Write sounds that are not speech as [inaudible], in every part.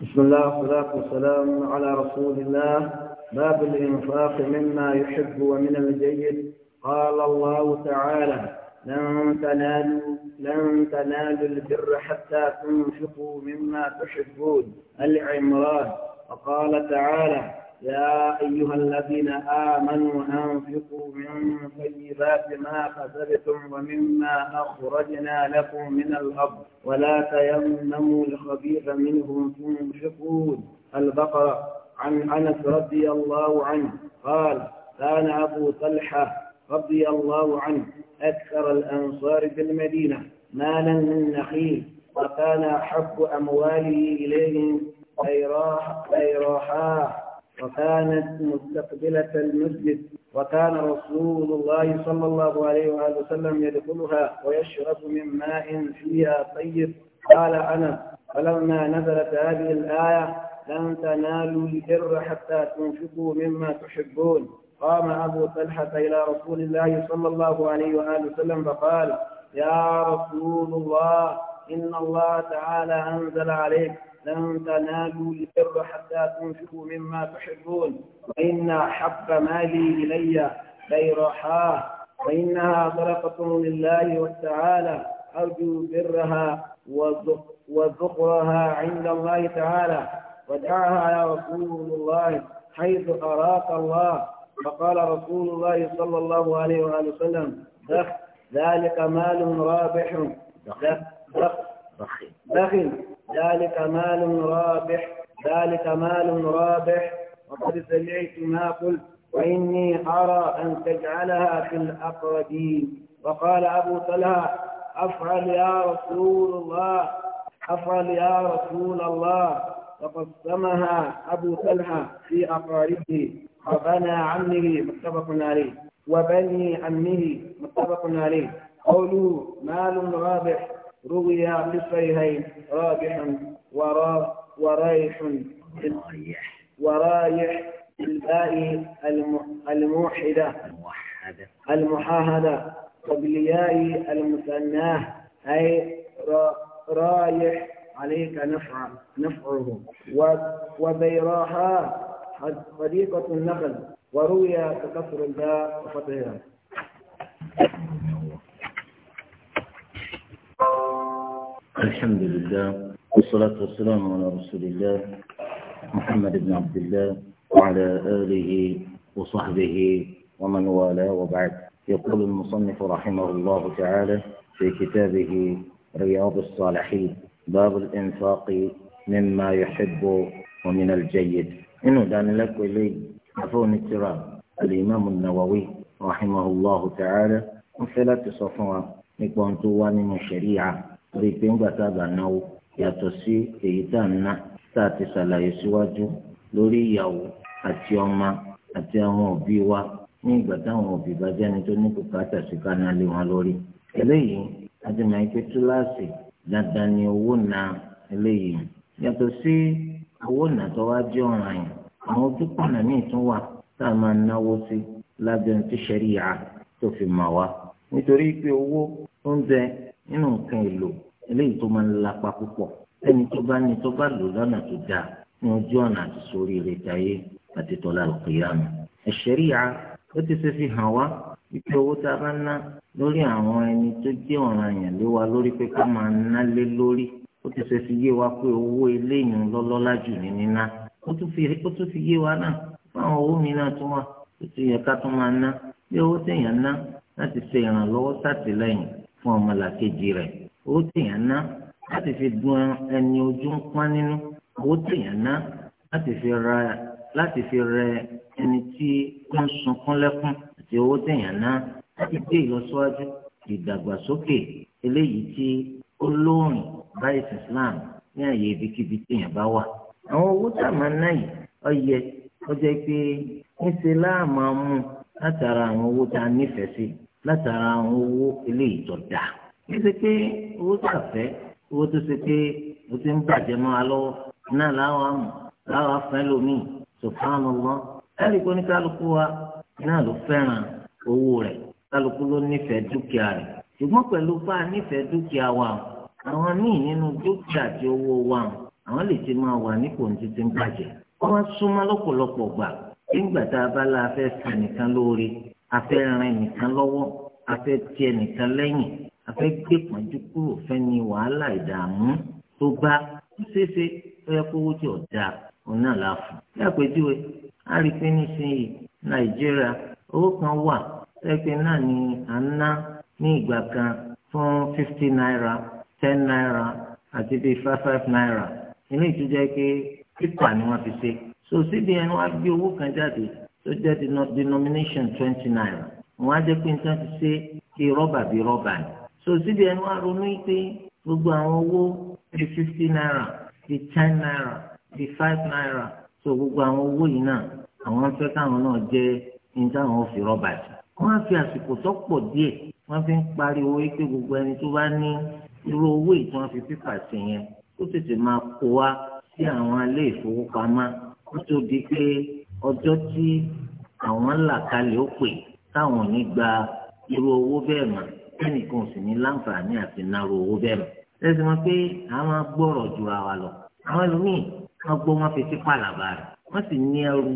بسم الله والصلاة والسلام على رسول الله باب الإنفاق مما يحب ومن الجيد قال الله تعالى لن تنالوا لن تنالوا البر حتى تنفقوا مما تحبون العمران وقال تعالى يا أيها الذين آمنوا أنفقوا من طيبات ما كسبتم ومما أخرجنا لكم من الأرض ولا تيمموا الخبيث منهم تنفقون البقرة عن أنس رضي الله عنه قال كان أبو طلحة رضي الله عنه أكثر الأنصار في المدينة مالا من نخيل وكان أحب أمواله إليهم بيراحا وكانت مستقبلة المسجد وكان رسول الله صلى الله عليه وآله وسلم يدخلها ويشرب من ماء فيها طيب قال أنا فلما نزلت هذه الآية لن تنالوا البر حتى تنفقوا مما تحبون قام أبو طلحة إلى رسول الله صلى الله عليه وآله وسلم فقال يا رسول الله إن الله تعالى أنزل عليك لن تنالوا البر حتى تنفقوا مما تحبون وإن حب مالي إلي بيرحاه وإنها صدقة لله تعالى أرجو برها وذخرها عند الله تعالى ودعها يا رسول الله حيث أراك الله فقال رسول الله صلى الله عليه وآله وسلم ذلك مال رابح دخل دخل ذلك مال رابح ذلك مال رابح وقد سمعت ما قلت وإني أرى أن تجعلها في الأقربين وقال أبو طلحة أفعل يا رسول الله أفعل يا رسول الله وقسمها أبو طلحة في أقاربه وبنى عمه متفق عليه وبني عمه متفق عليه قوله مال رابح روي في رابح ورا ورايح ورايح بالباء الموحدة المحاهدة وبالياء المثناه أي رايح عليك نفع نفعه وبيراها حديقة النخل وروي بكسر الباء وفتحها الحمد لله والصلاة والسلام على رسول الله محمد بن عبد الله وعلى آله وصحبه ومن والاه وبعد يقول المصنف رحمه الله تعالى في كتابه رياض الصالحين باب الإنفاق مما يحب ومن الجيد إنه دان لك إلي عفون التراب الإمام النووي رحمه الله تعالى وفلا صفوة نكون توان من شريعة rí i pé ńgbà tá a bá náwó yàtọ̀ sí èyí tá a ná tá a ti ṣàlàyé síwájú lórí ìyàwó àti ọmọ àti àwọn òbí wa ní ìgbà táwọn òbí bá jẹ́ni tó ní bùkátà sí ká ná lé wọn lórí. eléyìí adìmọ̀ ike túláàsì dandan ni owó na eléyìí yàtọ̀ sí owó nà tó wá jẹ́ ọ̀ràn yìí àwọn ojúkọ̀nà míì tún wà tá a máa náwó sí lábẹ́ ohun tí ṣẹ̀ríyà tó fi mà wá nítorí pé owó oúnjẹ nínú nǹkan èlò eléyìí tó máa ń lapa púpọ̀ ẹni tó bá ní tó bá lò lọ́nà tó dáa ní ojú ọ̀nà àti sórí rẹ̀ táyé àti tọ́lá òkèèyàn. ẹ̀ṣẹ̀ríyà ó ti ṣe fi hàn wá wípé owó tá a bá ná lórí àwọn ẹni tó jẹ́ ọ̀ranyàn lé wa lórí pé ká máa ná lé lórí ó ti ṣe fi yé wa pé owó eléyìí lọ́lọ́lá jù ní níná ó tún fi yé wa náà fáwọn owó mi náà tún wà ó ti yẹ ká tún máa ná bí owó téèyàn ná láti ṣe ìrànlọ́wọ́ sátìlẹ́yìn fún ọmọlàkejì rẹ̀ owó tèèyàn ná láti fi dun ẹni ojú ń pọ́n nínú owó tèèyàn ná láti fi ra láti fi rẹ ẹni tí wọ́n sunkún lẹ́kún àti owó tèèyàn ná láti gbé ìlọsíwájú ìdàgbàsókè eléyìí tí ó lóòrìn báyìí Islam ní àyè ibikíbi tèèyàn bá wà. àwọn owó tá a máa ná yìí ó yẹ ó jẹ́ pé ńṣe láà máa mú látara àwọn owó tá a nífẹ̀ẹ́ sí látara àwọn owó eléyìí tó dà pé owó tó àfẹ́ owó tó ṣe pé o ti ń bàjẹ́ mọ́ a lọ́wọ́ náà láwọn àmọ̀ láwọn afẹ́ lomi subhanallah ẹ̀rí kò ní kálukú wa náà ló fẹ́ràn owó rẹ̀ kálukú ló nífẹ̀ẹ́ dúkìá rẹ̀ ṣùgbọ́n pẹ̀lú bá a nífẹ̀ẹ́ dúkìá wa àwọn míì wa àwọn lè ti máa wà nípò ní títí ń bàjẹ́ wọ́n bá la fẹ́ fẹ́ nìkan afẹ́ ran nìkan lọ́wọ́ afẹ́ tiẹ̀ nìkan lẹ́yìn afẹ́ gbé pọ́njú kúrò fẹ́ni wàhálà ìdààmú tó bá ó ṣeéṣe ó yẹ kówó tí ò dáa òun náà la fún. bí àpèjúwe a rí i pé nísìnyí nàìjíríà owó kan wà ẹgbẹ́ náà ni à ń ná ní ìgbà kan fún fifty naira ten naira àti bíi five five naira ilé ìtújẹ́ pé pípa ni wọ́n fi ṣe. sòsídìí ẹni wá gbé owó kan jáde tó jẹ́ denomination twenty nine wọ́n á jẹ́ pé nǹkan ti ṣe kí rọ́bà bí rọ́bà ni. so síbi ẹni wọ́n á ronú pé gbogbo àwọn owó bíi fifty naira bíi ten naira bíi five naira so gbogbo àwọn owó yìí náà àwọn fẹ́ káwọn náà jẹ́ nǹkan àwọn fi rọ́bà sí. wọ́n á fi àsìkò tó pọ̀ díẹ̀ wọ́n fi ń pariwo pé gbogbo ẹni tó bá ní irú owó yìí tí wọ́n fi pípà sí yẹn ó tètè máa kó wa sí àwọn ilé ìfowópamọ́ ọjọ́ tí àwọn là kalẹ̀ ó pè táwọn ò ní gba irú owó bẹ́ẹ̀ mọ̀ ẹnìkan ò sì ní láǹfààní àti náró owó bẹ́ẹ̀ mọ̀. lẹ́sìn wọn pé àwọn gbọ́rọ̀ ju àwa lọ àwọn ẹlòmíì wọn gbọ́ wọn fi tipa làbà rẹ̀ wọ́n sì ní ẹrù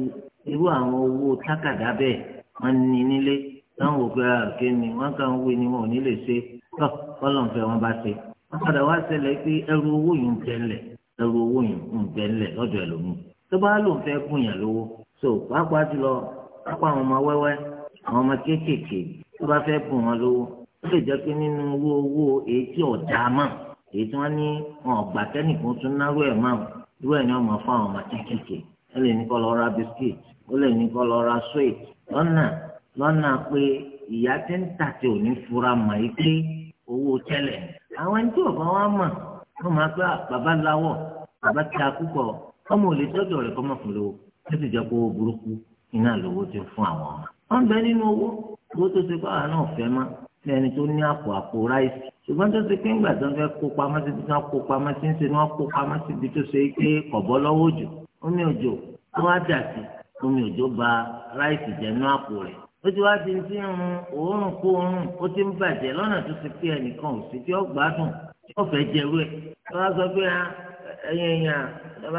irú àwọn owó tákàdá bẹ́ẹ̀ wọ́n ní nílé táwọn òkè àrùké ah, ni wọ́n kàn ń wé ni wọn ò ní lè ṣe tọ́ kọ́lọ́ǹfẹ́ wọn bá ṣe wọ́n padà wá ṣẹlẹ̀ pé ẹrù owó yìí ń bẹ́ńlẹ̀ ẹrù owó yìí ń bẹ́ńlẹ̀ lọ́dọ̀ ẹlòmíì tó bá lóun fẹ́ gùn yàn lówó so pàápàá jùlọ pàápàá àwọn ọmọ wẹwẹ, àwọn ọmọ kéékèèké tó bá fẹ́ bùn wọn lówó ó lè pé nínú owó owó èyí tí èyí tí ní wọn tún náró irú ní ọmọ fún àwọn ó lè ní lọ ra biskit ó lè ní kó lọ ra sweet lọ́nà lọ́nà pé ìyá tí ń tà tí ò ní fura mọ̀ yìí pé owó àwọn ẹni tí wa mọ̀ ó sì jẹ́ pé owó burúkú iná lówó ti fún àwọn ọmọ. wọ́n bẹ nínú owó owó tó ṣe báwa náà fẹ́ má ní ẹni tó ní àpò àpò ráìsì ṣùgbọ́n tó ṣe pé ńgbà tó ń fẹ́ kó pamọ́ síbi tó ń kó pamọ́ sí ṣe ni wọ́n kó pamọ́ síbi tó ṣe pé kọ̀bọ́ lọ́wọ́ òjò omi òjò ba ráìsì àpò rẹ̀ ó ti wá ti ń òórùn kó ó ti ń bàjẹ́ lọ́nà ẹ̀yin èèyàn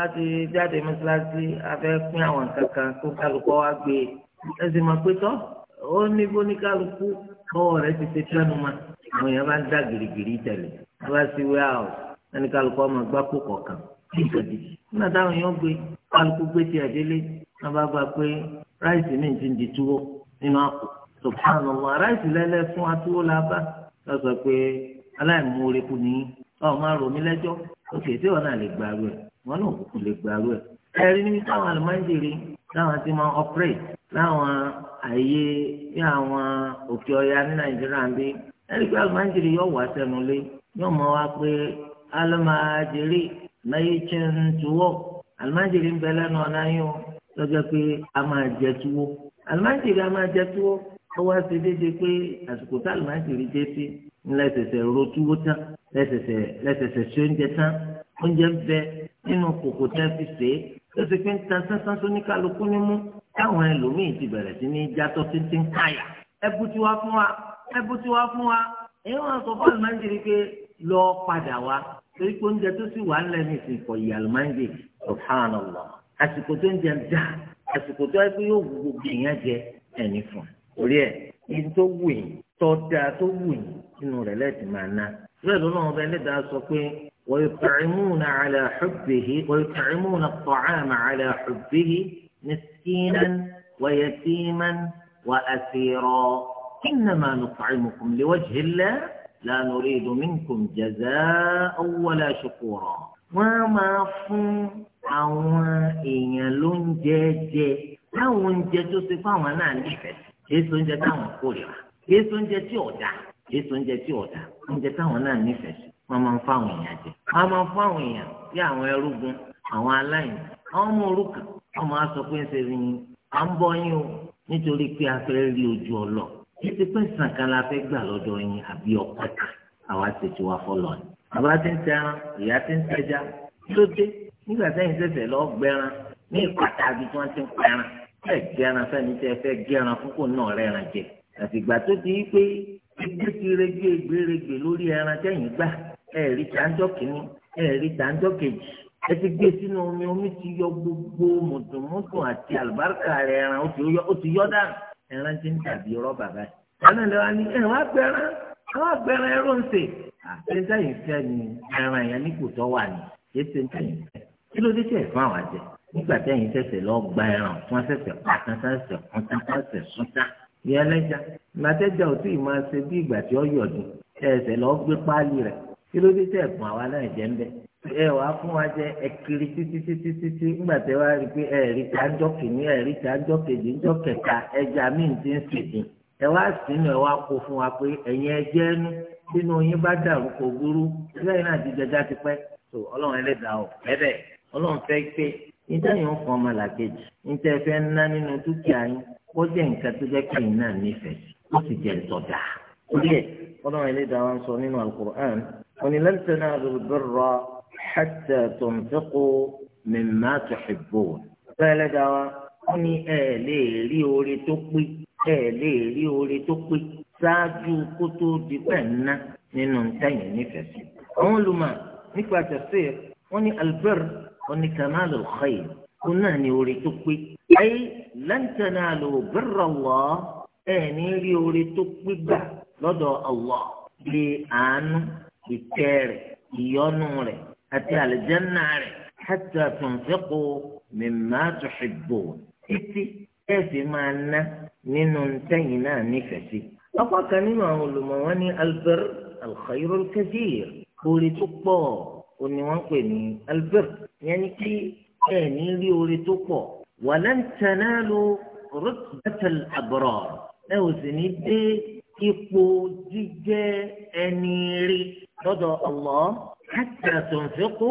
a ti jáde mọ́ṣáláṣí afẹ́ pín àwọn kankan kó gbé e máa pé ó ní bó ní kálukú ti ṣe tẹ́nu ma àwọn èèyàn bá ń dá gìrìgìrì tẹ̀lé lọ́ba sí wíwáwọ̀ ẹni kálukọ́ máa gbá kó kọ̀ọ̀kan nígbàdí nígbà táwọn èèyàn gbé kálukú gbé tiẹ̀ délé wọ́n bá gba pé ráìsì mi ti di túwó fún atúwó la pé aláìmoore kù ọ máa rò mí lẹ́jọ́ òkè tí wọn náà lè gbàrú ẹ wọn náà kúkú lè gbàrú ẹ. ẹ̀rí níbi táwọn àlùmáńjèrè táwọn ti máa ọpẹ́rẹ́t láwọn àyè ní àwọn òkè ọya ní nàìjíríà ń bí ẹni pé àlùmáńjèrè yóò wá sẹ́nu lé yóò mọ wá pé àlùmáńjèrè náyé tún tuwọ́ àlùmáńjèrè ń bẹ lẹ́nu ọ̀nà yín o lọ́jọ́ pé a máa jẹ tuwó àlùmáńjèrè a máa jẹ tuwó lẹ́sẹ̀sẹ̀ sí oúnjẹ tán oúnjẹ ń bẹ nínú kòkò tẹ́ fi ṣe é ó sì pé ń tan sánsán tó ní kálukú ní mú táwọn ẹlòmíì ti bẹ̀rẹ̀ sí ní játọ́ títí ń káyà ẹbú tí wá fún wa ẹbú tí wá fún wa èyí wọn sọ fún àlùmáńjìrì pé lọ padà wá torí pé oúnjẹ tó sì wà ńlẹ̀ ní ìsìnkọ ìyá àlùmáńjìrì subhanallah àsìkò tó ń jẹ ń dá àsìkò tó yẹ pé yóò wù gbogbo èèyàn jẹ ẹni fún un torí ẹ ní tó wù yín tọ́ da tó wù yín nínú rẹ̀ lẹ́ẹ̀tì máa ná bẹ́ẹ̀ ló lọ́wọ́ bẹ́ẹ̀ lẹ́dàá sọ pé ويطعمون على حبه ويطعمون الطعام على حبه مسكينا ويتيما وأسيرا إنما نطعمكم لوجه الله لا نريد منكم جزاء ولا شكورا وما فون àwọn èèyàn ló ń jẹ jẹ láwọn oúnjẹ tó ṣe fáwọn náà nífẹ̀ẹ́ èso oúnjẹ táwọn kórìíra èso oúnjẹ tí ọ̀dà èso oúnjẹ tí ọ̀dà oúnjẹ táwọn náà nífẹ̀ẹ́ sí wọ́n máa ń fáwọn èèyàn jẹ wọ́n máa ń fáwọn èèyàn bí àwọn ẹrúgun àwọn aláìní àwọn ọmọ òrukàn wọ́n máa sọ pé ń ṣe ni à ń bọ́ yín o nítorí pé a fẹ́ rí ojú ọlọ títí pé sàn kan la fẹ́ gbà lọ́dọ̀ yín àbí ọ̀pẹ kan àwa ti ti wá fọlọ́ ni. bàbá ti ń tẹran ìyá ti ń tẹja ló dé nígbà sẹ́yìn ṣẹ̀ṣẹ̀ lọ gbẹran ní ìpàtà àbí tí wọ́n ti ń pẹran fẹ́ gẹran fẹ́ni tẹ́ fẹ́ gẹran fúnkò náà rẹ̀ràn jẹ àtìgbà tó di pé gbígbé kérégbé gbérégbé lórí ẹran tẹ̀yìn gbà ẹ̀rí tàǹjọ́ kìíní ẹ̀rí tàǹjọ́ kejì ẹ ti gbé sínú omi omi ti yọ gbogbo mùtùmùtù àti àlùbáríkà rẹ̀ ẹran ó ti yọ dànù ẹran ti ń tàbí rọ́bà báyìí. ẹran ìlú wa ní ẹ̀wọ̀n agbẹ̀rán ẹ̀wọ̀n agbẹ̀rán ẹ̀rọ ń sè. àtẹ̀sẹ̀ yìí fẹ́ ni ẹran yẹn ní kò tọ́ wà ní kéṣe ń tẹ̀yìn fẹ́. kí ló dé tẹ̀ fún àwọn àjẹ nígbà tẹ̀yìn tẹ̀sẹ̀ lọ gba ẹran fún ẹsẹ̀sẹ̀ pàtàkì ẹsẹ̀ kúntà ẹsẹ̀ súntà. ìyẹn ẹlẹ́jà ìgbàtẹ́jà ò tí ì máa ṣe bí ìgbà tí ó yọ̀dún ẹsẹ̀ lọ gbé páálí rẹ̀ kí ló dé tẹ̀gbọ́n àwa náà jẹ́ ń ẹ wàá wa jẹ ẹkiri títí títí títí ńgbà tẹ wá rí i pé kejì kẹta ẹja míì ti ń sèdín ẹ wá sínú ẹ wá kó fún wa pé ẹ̀yin ẹnu yín bá dàrú ti jẹjá ti pẹ́ tó ọlọ́run ẹlẹ́dàá ọ, bẹ́ẹ̀ ọlọ́run fẹ́ pé níta yìí ń fọ ọmọ làkejì níta ẹ ná nínú dúkìá yín kó jẹ́ nǹkan tó jẹ́ kí iná nífẹ̀ẹ́ ó sì jẹ́ ntọ́jà. orí ẹ̀ ọlọ́run ilé ìdáwà ń sọ nínú alukur'an òní lan tanazul birra hatta tunfiqu mimma tuhibbun. bẹ́ẹ̀ lẹ́dàá ó ní ẹ lè rí oore tó pé ẹ lè rí oore tó pé ṣáájú kó tó di pẹ́ ńná nínú ntẹ́yìn nífẹ̀ẹ́ sí. àwọn olùmọ̀ nípa tafsir wọ́n ní albir wọ́n ní kamalul khayr kó náà ní oore tó pé lẹ́ńtẹ̀nà ló bẹ̀rẹ̀ wọ́ ẹ̀ ní rí orí tó gbígbà lọ́dọ̀ Allah lè àánú ìtẹ́ rẹ̀ ìyọ́nú rẹ̀ àti àlìjẹ́nà rẹ̀ hatta tunfiqu mimma tuhibbun títí ẹ̀ fi máa ná nínú ntẹ́yìn náà nífẹ̀ẹ́ sí. ọ̀pọ̀ kan nínú àwọn olùmọ̀ ní albir alkhairul kathir orí tó pọ̀ òní wọ́n pè ní albir yẹn ni kí ẹ̀ ní rí orí tó pọ̀ walan tanalu rutbatal abrar ẹ ò sì ní dé ipò jíjẹ́ ẹni rí lọ́dọ̀ Allah hatta tunfiqu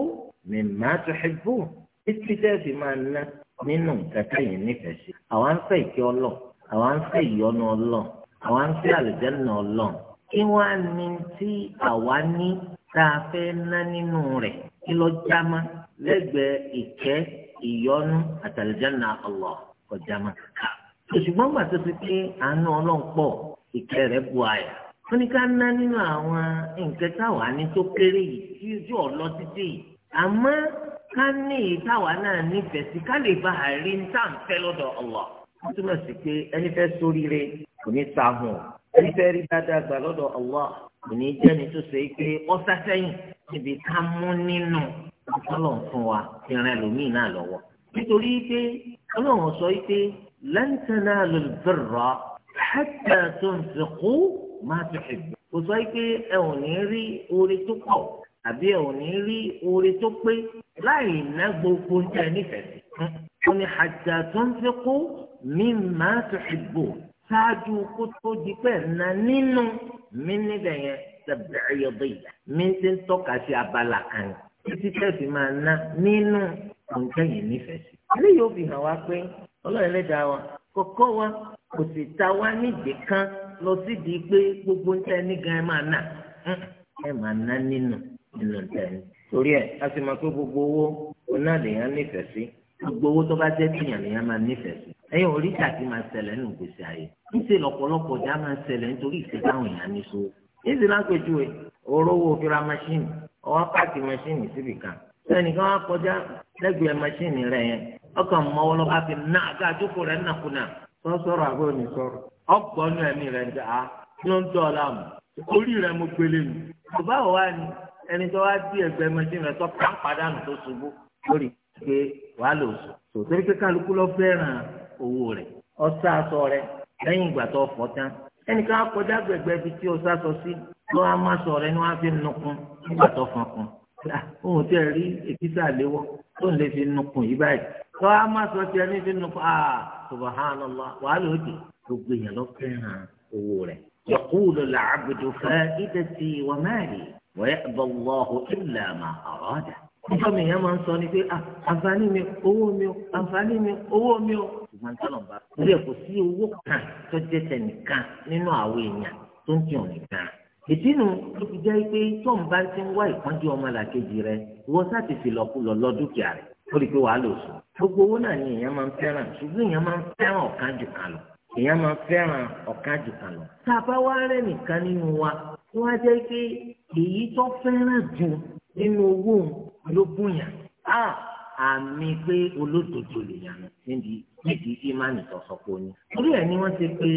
mimma tuhibbun títí tẹ́ fi máa ná nínú nǹkan táyìn nífẹ̀ẹ́ sí. àwa ń fẹ́ ìkẹ́ ọlọ́ àwa ń fẹ́ ìyọ́nú ọlọ́ àwa ń fẹ́ àlùjànnà ọlọ́ kí wọ́n á ní tí àwa ní tá a fẹ́ ná nínú rẹ̀ kí lọ já má lẹ́gbẹ̀ẹ́ ìkẹ́ ìyọnu àtàlìjánà Allah kọjá maka. ṣùgbọ́n gbà tó ti pé àánú ọlọ́run pọ̀ ìkẹ́ rẹ̀ bu àyà. wọ́n ní ká ná nínú àwọn nǹkan táwa ní tó kéré yìí tí ojú ọ̀lọ́ títí yìí. àmọ́ ká ní èyí táwa náà nífẹ̀ẹ́ sí ká lè bá àárí ní sáhùn kò ní jẹ́ni tó ṣe pé ó sásẹ́yìn níbi ká mú nínú ọlọ́run fún wa ìran ẹlòmíì náà lọ́wọ́ nítorí pé ọlọ́run sọ pé lan tanalul birra hatta tunfiqu ma tuhibbu kò sọ pé ẹ ò ní rí oore tó pọ̀ àbí ẹ ò ní rí oore tó pé láì ná gbogbo ń tẹ nífẹ̀ẹ́ sí. wọ́n ní hatta tunfiqu mimma tuhibbu ṣáájú kó tó di pẹ́ na nínú mi níbẹ̀ yẹn tẹ̀bẹ̀rẹ̀ yọ̀bẹ̀ yìí mi ti ń tọ́ka sí abala kan títí tẹ̀sí máa ná nínú òǹkẹ́ yìí nífẹ̀ẹ́ sí. eléyìí ó fi hàn wá pé ọlọ́run ẹlẹ́dàá wa kọ̀kọ́ wa kò sì ta wá nídìí kan lọ sídìí pé gbogbo ń tẹ́ ní gan ẹ máa nà ẹ máa ná nínú nínú tẹ̀lé. torí ẹ a sì máa pé gbogbo owó onáàlèyàn nífẹ̀ẹ́ sí gbogbo owó tó bá jẹ́ tìyàn lèyàn máa nífẹ̀ẹ́ ẹ̀yin ò rí kàkí máa ṣẹlẹ̀ nínú gbèsè ayé níṣẹ́ lọ́pọ̀lọpọ̀ já máa ṣẹlẹ̀ nítorí ìfẹ́ táwọn èèyàn ní so níṣẹ́ lápẹ̀jùwe òróró òfìrà máṣíìnì ọwọ́ pààkì máṣíìnì síbì kan sẹ́nìkan wá kọjá lẹ́gbẹ̀ẹ́ máṣíìnì rẹ̀ yẹn ọkàn mọ́wọ́ lọ́ba fi ná àga àjókò rẹ̀ nàkúnà sọ́sọ́rọ̀ àbọ̀ ní sọ̀rọ̀ ọgbọ́nú ẹ̀mí rẹ̀ dà á ah, ló ń dọ̀ láàmú orí rẹ̀ mo gbélé mi bàbá wa ni ẹni tó wá bí ẹgbẹ́ máṣíìnì rẹ̀ tó pàǹpàdánù tó ṣubú lórí pé wàá lò sùn tòtẹ́rí kálukú lọ fẹ́ràn owó rẹ̀ ọsẹ aṣọ rẹ̀ lẹ́yìn ìgbà tó fọ̀ tán ẹnìkan akọjá gbẹgbẹ ibi tí ọsẹ aṣọ sí lọ wá má sọ rẹ̀ ni wọn á fi nukun nígbà tó fọn kun òun tẹ rí èkìtà léwọ tó ń lè fi nukun yìí báyìí wá má sọ ní fi nukun aa wàhálà nígbà mi yẹn máa ń sọ ni pé ah, àǹfààní mi owó mi o àǹfààní mi owó mi o. ṣùgbọ́n tọ́lọ̀ ń bá orí ẹ̀ kò sí owó kan tó jẹ́ tẹnìkan nínú àwọn èèyàn tó ń tì ọ̀nì gan. ìdínú ló fi jẹ́ pé tọ́m bá ti ń wá ìpọ́njú ọmọlàkejì rẹ ìwọ sáti fi lọ́kùlọ lọ dúkìá rẹ̀ ó rí i pé wàá lò sùn. gbogbo owó náà ni èèyàn máa ń fẹ́ràn ṣùgbọ́n èèyàn máa ń fẹ́ràn ọ̀kan jù kan lọ èèyàn máa ń fẹ́ràn ọ̀kan jù kan lọ. tá a bá wá rẹ̀ nìkan nínú wa wọ́n á jẹ́ pé èyí tó fẹ́ràn jù nínú owó ló bùnyàn á àmì pé olódodo lè yàn níbi níbi ìmánì tọ̀sọ̀kọ̀ ni. orí ẹ̀ ni wọ́n ti pé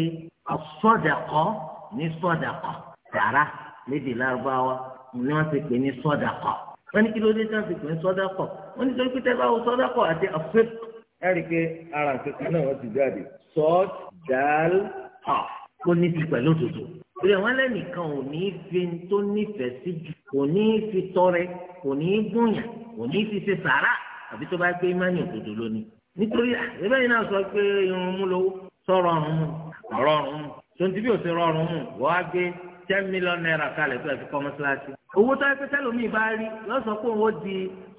sọ́dàkọ́ ní sọ́dàkọ́ dàrá lédè lárúbáwá ni wọ́n ti pè ní sọ́dàkọ́. wọ́n ní kí ló dé tí wọ́n ti pè ní sọ́dàkọ́ wọ́n ní torí pé tẹ́ bá wo sọ́dàkọ́ àti àfẹ́k ẹ̀rí pé ara kankan náà wọ́n ti jáde sọ́dàkọ́ kó ní ti pẹ̀lú òdodo. orí ẹ̀ wọ́n lẹ́nìkan ò ní fi tó nífẹ̀ẹ́ sí jù kò ní í fi tọrẹ kò ní í gúnyàn kò ní í fi ṣe sàrà àbí tó bá gbé imáni òdodo lónìí nítorí ẹgbẹ́ yìí náà sọ pé irun mú lówó sọ̀rọ̀ ọ̀run mú ọ̀rọ̀ ọ̀run mú tonti bí o ti rọrùn mú wọ́n á gbé ten million naira kalẹ̀ tó ẹ fi kọ́ mọ́ṣáláṣí owó tó ẹ pé tẹ́lómi bá rí yóò sọ pé òun di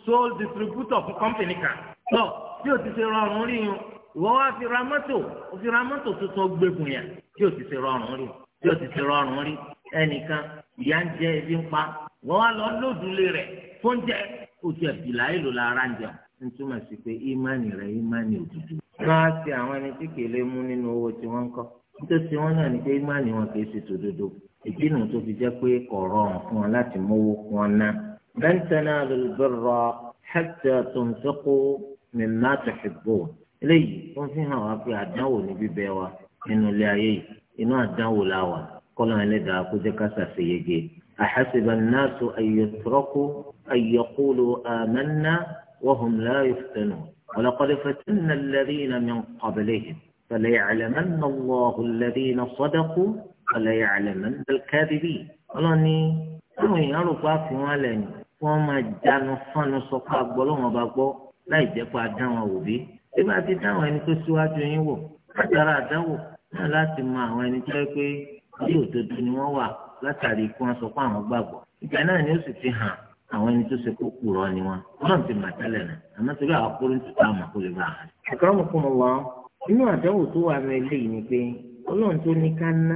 sole distributor fún kọ́mpìnì kan lọ bí o ti ṣe rọrùn rí yun ìwọ wá fi ra mọ́tò o fi ra mọ́tò tuntun gbẹ̀gùn yẹn bí o ti ṣe rọrùn rí bí o ti ṣe rọrùn rí ẹnìkan ìyá ń jẹ ebi ń pa wọ́n wá lọ lódùlé rẹ̀ fóúnjẹ oṣù ẹ̀bìlà èlò lára ń jẹun ń túmọ̀ sí pé ìmánì rẹ̀ ìmánì òdodo. wọ́n á ti àwọn ẹni tí kì í lè mú nínú owó tí wọ́n ń kọ́ nítorí wọn náà ni pé ìmánì wọn kì ṣe tòdodo èdè nù tó fi jẹ́ pé ọ̀rọ̀ fún wọn láti mówó fún wọn ná. lan tanalul birra hatta tunfiqu mimma tuhibbun eléyìí wọ́n fi hàn wá pé àdánwò ní bíbẹ wa nínú ilé ayé yìí inú àdánwò la wà kọ́lọ́ ẹlẹ́dàá kó jẹ́ ká ṣàṣeyege أحسب الناس أن يتركوا أن يقولوا آمنا وهم لا يفتنون ولقد فتنا الذين من قبلهم فليعلمن الله الذين صدقوا فليعلمن الكاذبين ọlọ́run ní àwọn èèyàn rò pa fi wọn lẹ́nu wọ́n máa jánu fọ́nu sọ pé àgbọ̀ lọ́wọ́n bá gbọ́ láì jẹ́ pé adáwọn wò bí. bí bá ti dáwọn ẹni tó síwájú yín wò látara àdáwò náà láti mọ àwọn ẹni tó yẹ pé bí òdodo ni wọ́n wà látàrí kí wọ́n sọ pé àwọn gbàgbọ́ ìgbà náà ni ó sì ti hàn àwọn ẹni tó ṣe kó kúrọ ni wọn Ọlọ́run ti mà tẹ́lẹ̀ náà àmọ́ torí àwọn kúrò ń tutù àmọ́ bá a hàn. àkàràmọ̀ fún mi wá inú àdánwò tó wà ní ilé yìí ni pé Ọlọ́run tó ní ká ná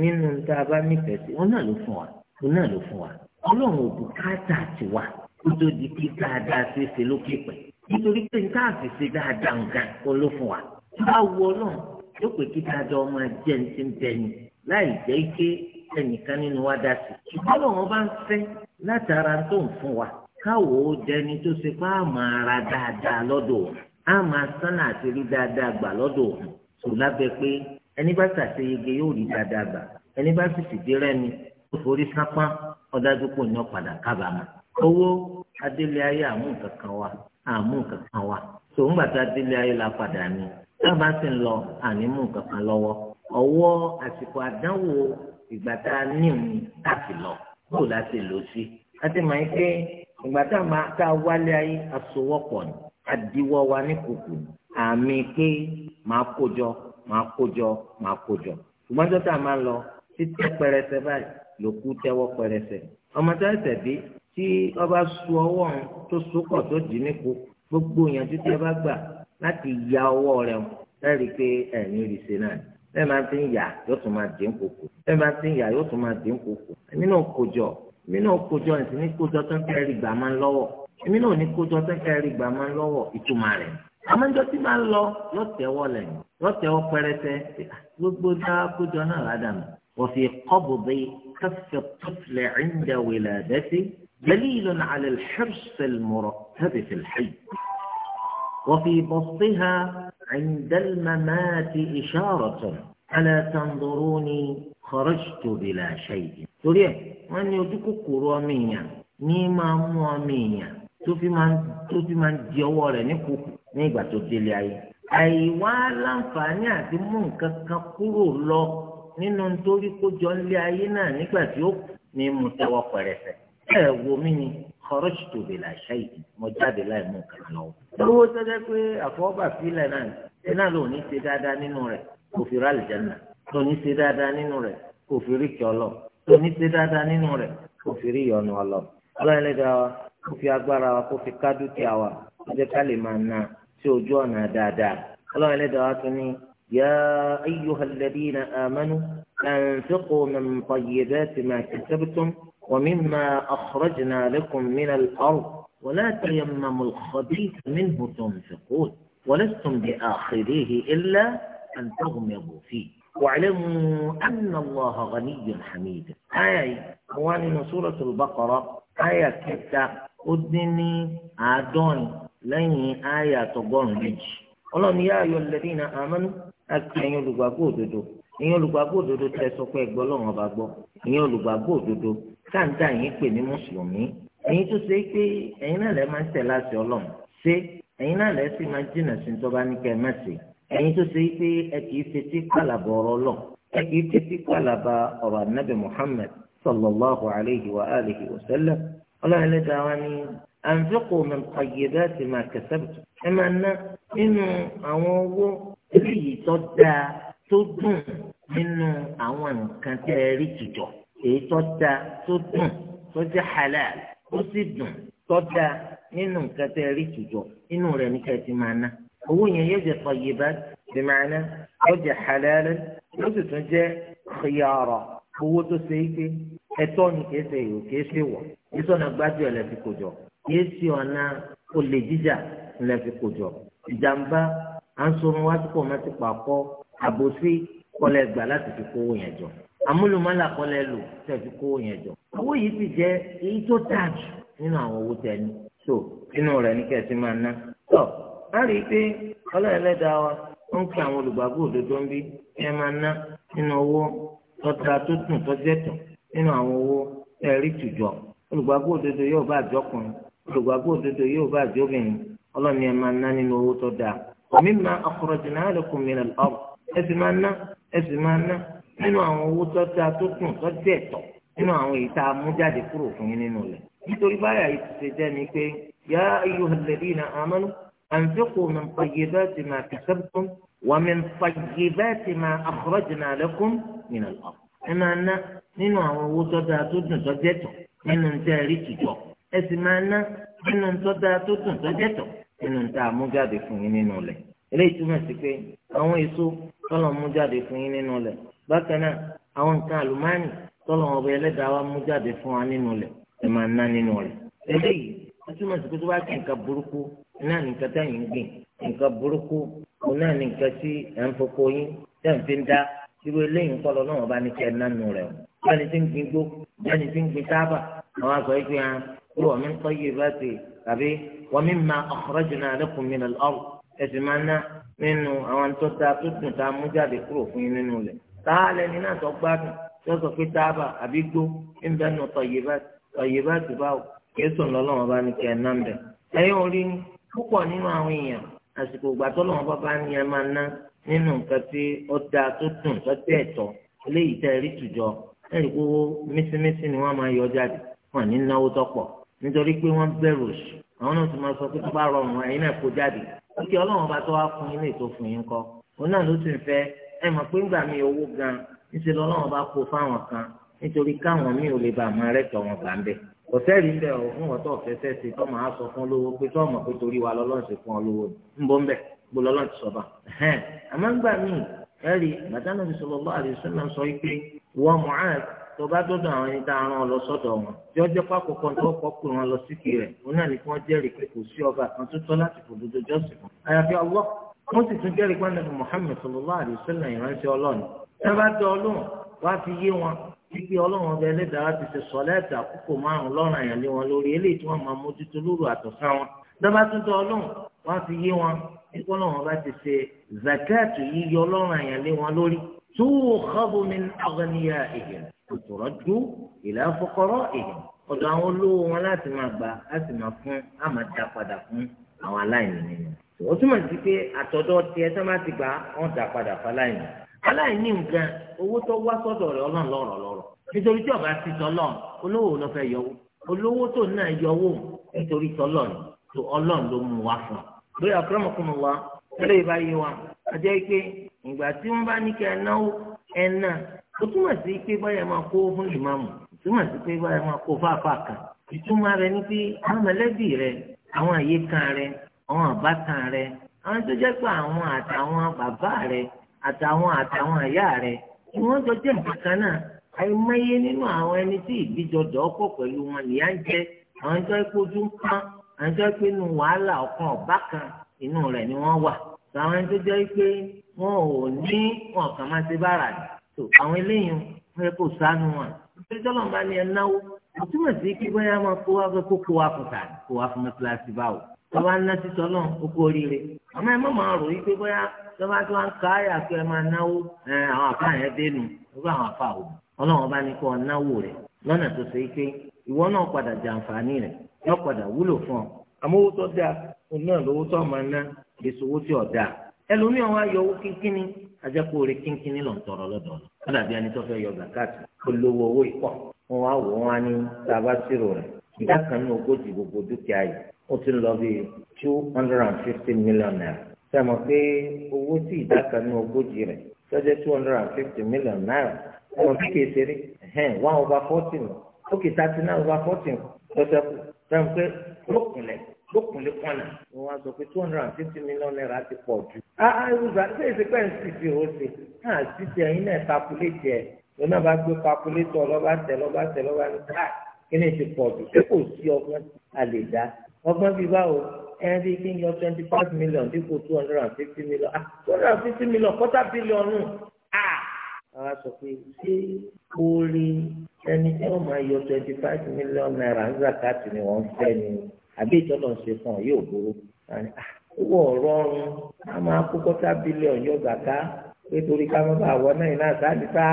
nínú tá a bá nífẹ̀ẹ́ sí òun náà ló fún wa òun náà ló fún wa Ọlọ́run ò bùkátà ti wà kó tó di kí dáadáa ṣe é ṣe lókè pẹ̀ nítorí pé n káàfin ṣe dáadáa nǹkan òun ló fún wa bá wọ Ọlọ́run yóò pè kí dáadáa ọmọ ajẹ́ ní ti ń ẹnìkan nínú wa dá sí ṣùgbọ́n lọ́wọ́ bá ń fẹ́ látara tó ń fún wa káwọ́ ó dẹni tó ṣe pé a máa ra dáadáa lọ́dọ̀ òun a máa sánà àti rí dáadáa gbà lọ́dọ̀ òun kò lábẹ́ pé ẹni bá ṣàṣeyege yóò rí dáadáa gbà ẹni bá sì fìdí rẹ́mi ó forí sápá ọ̀dájú pò ní ọ̀padà kábàámọ̀ owó adélé ayé àmú kankan wa àmú kankan wa tòun gbàtà adélé ayé la padà ní tábà sì ń lọ ànímú kankan lọ́wọ́ ọwọ́ ìgbà tá a ní òun láti lọ kó láti lò sí láti mọ̀ pé ìgbà tá a máa tá a wálé ayé aṣọwọ́pọ̀ ni adiwọ́ wa ní kùkù àmì pé máa kójọ máa kójọ máa kójọ ṣùgbọ́n tó tá a máa lọ títẹ́ pẹrẹsẹ báyìí lòkú tẹ́wọ́ pẹrẹsẹ ọmọ tá a tẹ̀dé tí ọba su ọwọ́ ọ̀hún tó sókọ̀ tó dì ní kú gbogbo ìyànjú tí ẹ bá gbà láti ya ọwọ́ rẹ̀ ẹ̀rí pé ẹ̀ ní ìrìsẹ̀ náà ni bẹ́ẹ̀ máa ti ń yà yóò tún máa dín kòkò bẹ́ẹ̀ máa ti ń yà yóò tún máa dín kòkò èmi náà kojọ èmi náà kojọ ẹ̀sìn ní kojọ tó ń kẹ́rì gbà máa ń lọ́wọ́ èmi náà ní kojọ tó ń kẹ́rì gbà máa ń lọ́wọ́ ìtumọ̀ rẹ̀ àmọ́jọ́ tí máa ń lọ lọ́tẹ̀wọ́ lẹ̀ lọ́tẹ̀wọ́ pẹrẹsẹ gbogbo dá kojọ náà ládàmú wọ́n fi qabdi kaffi at عند الممات إشارة ألا تنظروني خرجت بلا شيء torí ẹ wọn ní ojú kòkòrò ọmọ èèyàn ní máa mú ọmọ èèyàn tó fi máa tó fi máa di ọwọ́ rẹ̀ ní kòkò ní ìgbà tó délé ayé àìwá láǹfààní àti mú nǹkan kan kúrò lọ nínú nítorí kó jọ nílé ayé náà nígbà tí ó ní mu tẹ́wọ́ pẹ̀rẹ̀sẹ̀ ẹ wo mí ni kharajtu bila shay'in mo jáde láì mú kàn lọ. owó tó jẹ́ pé àfọwọ́bà fílẹ̀ náà ṣe náà ló ní ṣe dáadáa nínú rẹ̀ kò fi rà àlùjánnà ló ní ṣe dáadáa nínú rẹ̀ kò fi rí kí ló ní ṣe dáadáa nínú rẹ̀ kò fi rí ìyọnu ọlọ. ọlọ́ọ̀lẹ́dà wa kò fi agbára wa kò fi ká dúkìá wa kó jẹ́ ká lè máa ná sí ojú ọ̀nà dáadáa. ọlọ́ọ̀lẹ́dà wa tún ní يا أيها الذين آمنوا أنفقوا من طيبات ما كسبتم ومما أخرجنا لكم من الأرض ولا تيمموا الخبيث منه تنفقون ولستم بآخريه إلا أن تغمضوا فيه واعلموا أن الله غني حميد آية من سورة البقرة آية كتا أدني أدون لني آية تقول لج ولن يا أيها الذين آمنوا أكين يلقى قوددو إن يلقى قوددو تسوكي قولون أبقى إن يلقى قوددو táǹtà yìí pè ní mùsùlùmí ẹ̀yin tó ṣe pé ẹ̀yin náà lẹ́ máa ń tẹ̀ láti ọlọ́run ṣé ẹ̀yin náà lẹ́ sì máa ń jìnnà sí tó bá ní kẹ́ ẹ má ṣe ẹ̀yin tó ṣe pé ẹ kì í fetí pàlàbọ̀ ọ̀rọ̀ ọlọ́run ẹ kì í fetí pàlàbà ọ̀rọ̀ anábì Muhammad sallallahu alayhi wa alihi wa sallam ọlọ́run ẹlẹ́dàá wa ni àǹfẹ́kọ̀ min tayyibati ma kasabtu ẹ máa ná nínú àwọn owó eléyìí tó dáa tó dùn nínú àwọn nǹkan tẹ́ ẹ èyí tó da tó dùn tó jẹ́ halal ó sì dùn tó da nínú nǹkan tẹ́ rí tùjọ inú rẹ̀ ní kẹ́ẹ̀tì máa ná owó yẹn yóò jẹ́ tọ̀yìnbá ti máa ná yóò jẹ́ halal yóò sì tún jẹ́ xiyàrọ̀ owó tó ṣe é pé ẹ̀tọ́ ni kìí ṣe èrò kìí ṣe wọ̀ kìí gbájú ẹ̀ lẹ́fi kò jọ kìí ṣe ọ̀nà olè jíjà lẹ́fi kò jọ ìjàmbá à ń sorun wá sí pọ̀ mẹ́tìpá kọ́ àbòsí kọ́lẹ̀ gbà láti fi kówó yẹn jọ àmúlùmọ́là kọ́lẹ́ lò tẹ̀ fi kówó yẹn jọ. owó yìí ti jẹ́ èyí tó dáa jù nínú àwọn owó tẹ̀ ní. so inú rẹ̀ ní kẹ̀sí máa ná. tọ́ a rí i pé ọlọ́run ẹlẹ́dàá wa ó ń pe àwọn olùgbàgbọ́ òdodo ń bí ẹ máa ná nínú owó tọ́ta tó tún tọ́jẹ́tọ̀ nínú àwọn owó ẹ̀rí tùjọ. olùgbàgbọ́ òdodo yóò bá àjọkùnrin olùgbàgbọ́ òdodo yóò bá àjọbìnrin ọlọ́run ẹ máa ná nínú àwọn owó tọ́ta tó kùn tọ́jú ẹ̀tọ́ nínú àwọn èyí tá a mú jáde kúrò fún yín nínú rẹ̀ nítorí báyà yìí ti ṣe jẹ́ ni pé yá ayyuhal ladina amanu anfiqu min tayyibati ma kasabtum wa min tayyibati ma akhrajna lakum min al-ard ẹ máa ná nínú àwọn owó tọ́ta tó dùn ẹ̀tọ́ nínú tẹ́ rí tìjọ ẹ sì máa ná nínú tọ́ta tó dùn ẹ̀tọ́ bákan náà àwọn nǹkan àlùmáàní tọ́lọ̀ ọ̀bẹ ẹlẹ́dàá wa mú jáde fún wa nínú rẹ̀ ẹ̀ máa ná nínú rẹ̀. eléyìí ó túmọ̀ sí pé tó bá kí nǹkan burúkú náà ní nǹkan táyì ń gbìn nǹkan burúkú òun náà ní nǹkan tí ẹ̀ ń fọkọ yín tẹ̀ ń fi ń dá irú eléyìí kọ́ lọ náà wọ́n bá ní kẹ́ ẹ̀ nánu rẹ̀ o bẹ́ẹ̀ni tí ń gbin gbó bẹ́ẹ̀ni tí ń gbin tábà àwọn àgbà yìí hàn pé wọ́n mi ń tọ́ yé ti tàbí wọ́n mi máa akhrajna lakum min al-ard ẹ̀sìn máa ná nínú àwọn tó dáa tó dùn tá mú jáde kúrò fún yín nínú rẹ̀ tààlẹ́ ní náà tó gbádùn tó sọ pé táàbà àbí gbó ń bẹ́ẹ̀ nù tọ̀yẹ̀bá tọ̀yẹ̀bá ti báwò kéésù lọ́lọ́wọ́ bá ní kẹ́ ẹ̀ náà bẹ̀. ẹ̀yin ni púpọ̀ nínú àwọn èèyàn àsìkò ìgbà tó lọ́wọ́ bá bá ní ẹ máa ná nínú nǹkan tí ó dáa tó dùn lọ́tẹ̀ ẹ̀tọ́ eléyìí tẹ́ rí tùjọ ẹ̀rí kó mísímísí ni wọ́n máa yọ jáde wọn ní náwó tọ́pọ̀ nítorí pé wọ́n bẹ̀rù òṣù àwọn náà ti máa sọ pé tó bá rọrùn ẹ̀yin náà kó jáde kí ọlọ́wọ́n bá tó wá fún yín lè tó fún yín kọ́ òun náà ló sì ń fẹ́ ẹ mọ̀ pé ńgbà mi owó gan níṣẹ́ lọ́lọ́wọ́n bá kó fáwọn kan nítorí káwọn míì ò lè bá àmọ́ rẹ̀ tọ̀ wọn gbà ń bẹ̀ òtẹ́ẹ̀lì ń bẹ̀ ọ̀ fún ọ̀tọ̀ fẹsẹ̀ sí tọ́ máa sọ fún lówó pé tọ́ mọ̀ pé torí wa lọ́lọ́run sì fún ọ lówó ń bọ́ ń bẹ̀ gbó lọ́lọ́run ti sọ̀bà. àmọ́ ńgbà míì ẹ̀rí bàtánà fi sọ̀rọ̀ bá àdìsọ́nà sọ pé wọ́n mọ̀ á tó bá dọ́dọ̀ àwọn ẹni tá a rán ọ lọ sọ́dọ̀ wọn tí pákòkò tó kọ́ pé wọn lọ síkì rẹ̀ òun náà ni kí wọ́n jẹ́rìí pé kò sí ọba kan tó tọ́ láti fòdodo jọ́sìn fún àyàfi ọlọ́ọ̀ wọ́n sì tún jẹ́rìí pé ànábì Muhammad sallallahu alayhi wa sallam ìránṣẹ́ Ọlọ́run ẹ bá tẹ Ọlọ́run wá fi yé wọn wípé Ọlọ́run ọba ẹlẹ́dàá ti ṣe sọ̀lẹ́ẹ̀tì àkókò márùn-ún lọ́rùn àyàn lé wọn lórí eléyìí tí wọ́n máa mójútó lóru àtọ̀sán wọn dábà tún tẹ Ọlọ́run wá fi yé wọn wípé Ọlọ́run ọba ti ṣe zakat yíyọ lọ́rùn àyàn lé wọn lórí tó xabu min aghniya ihim ó túmọ̀ sí pé àtọ̀dọ̀ tiẹ̀ tó má ti gbà wọ́n dà padà fáláìní aláìní nǹkan owó tó wá sọ́dọ̀ rẹ̀ ọlọ́run lọ́rọ̀ lọ́rọ̀ nítorí tí ọba ti tọ́lọ̀ olówó ló fẹ́ yọwó olówó tó náà yọwó nítorí tọ́lọ̀ ni tó ọlọ́run ló mú wá fún un bóyá ọ̀pọ̀lọpọ̀ wa tẹ́lẹ̀ bá yé wa àjẹ́ pé ìgbà tí wọ́n bá ní kí ẹ náwó ẹ náà ó túmọ̀ báyà máa kó fún ìmáàmù túmọ̀ sí pé báyà máa kó fáfá àwọn àbátan rẹ àwọn tó jẹ́ pé àwọn àtàwọn bàbá rẹ àtàwọn àtàwọn àyà rẹ ni wọ́n jọ jẹ́ nǹkan kan náà àìmọye nínú àwọn ẹni tí ìbíjọdọ̀ ọkọ̀ pẹ̀lú wọn nìyà ń jẹ àwọn jọ pé ojú ń pọ́n àwọn jọ pé inú wàhálà ọ̀kan ọ̀bá kan inú rẹ̀ ni wọ́n wà àwọn ẹni tó jẹ́ pé wọn ò ní wọn kàn máa ṣe bára rẹ̀ tó àwọn eléyìí wọ́n yẹ kó sánú wọn nítorí tọ́lọ́mùbá ni ẹ náwó òtúmọ̀ sí kí bóyá máa kó wá fún kó wá fún tàbí kó wá fún mọ́tíláṣí báwò tọ́ba ná títọ́ náà ó kú oríire àmọ́ ẹ má máa rò yí pé bóyá tọ́ba tí wọ́n ń ka àyà pé ẹ máa náwó àwọn àfa yẹn dénú irú àwọn àfa wò ọlọ́run bá ní kó ọ náwó rẹ̀ lọ́nà tó ṣe pé ìwọ náà padà jàǹfààní rẹ̀ padà wúlò fún ọ àmọ́ owó tó dáa òun náà lówó tó ná èso owó tí ò yọ owó kínkínní ajẹ́pọ̀ orí kínkínní lọ lọ́dọ̀ ó ti lọ bí two hundred and fifty million naira ṣe mọ̀ pé owó tí ìdá kan ní ogójì rẹ̀ sọ́jẹ́ two hundred and fifty million naira ọmọ bí kìí ṣeré one over fourteen ó kìí thirty nine over fourteen lọ́sẹ̀ kù ṣe mọ̀ pé lókùnlẹ̀ lókùnlẹ̀ kọ́nà ni wọ́n sọ pé two hundred and fifty million naira ti pọ̀ jù. a irúgbà ṣé èsì pẹ́ ń sì fi òun ṣe náà sì ti ẹ̀yin náà kakuléètì ẹ̀ lọ́nà bá gbé kakuléètọ̀ lọ́ba tẹ̀ lọ́ba tẹ̀ lọ́ba ní kí ọgbọ́n bíi báwo ẹni bíi kí n yọ twenty five million dípò two hundred and fifty million ah two hundred and fifty million kọ́tà billion, ah àwa sọ pé ṣé orí ẹni tí wọ́n máa yọ twenty five million naira ń zakati ni wọ́n fẹ́ ni àbí ìtọ́lọ̀ ń ṣe fún ọ yóò burú ah, owó ọ̀rọ̀ ọ̀run a máa kó kọ́tà bílíọ̀nù yọ zaka pé torí ká má bàa wọ náà iná sáà níta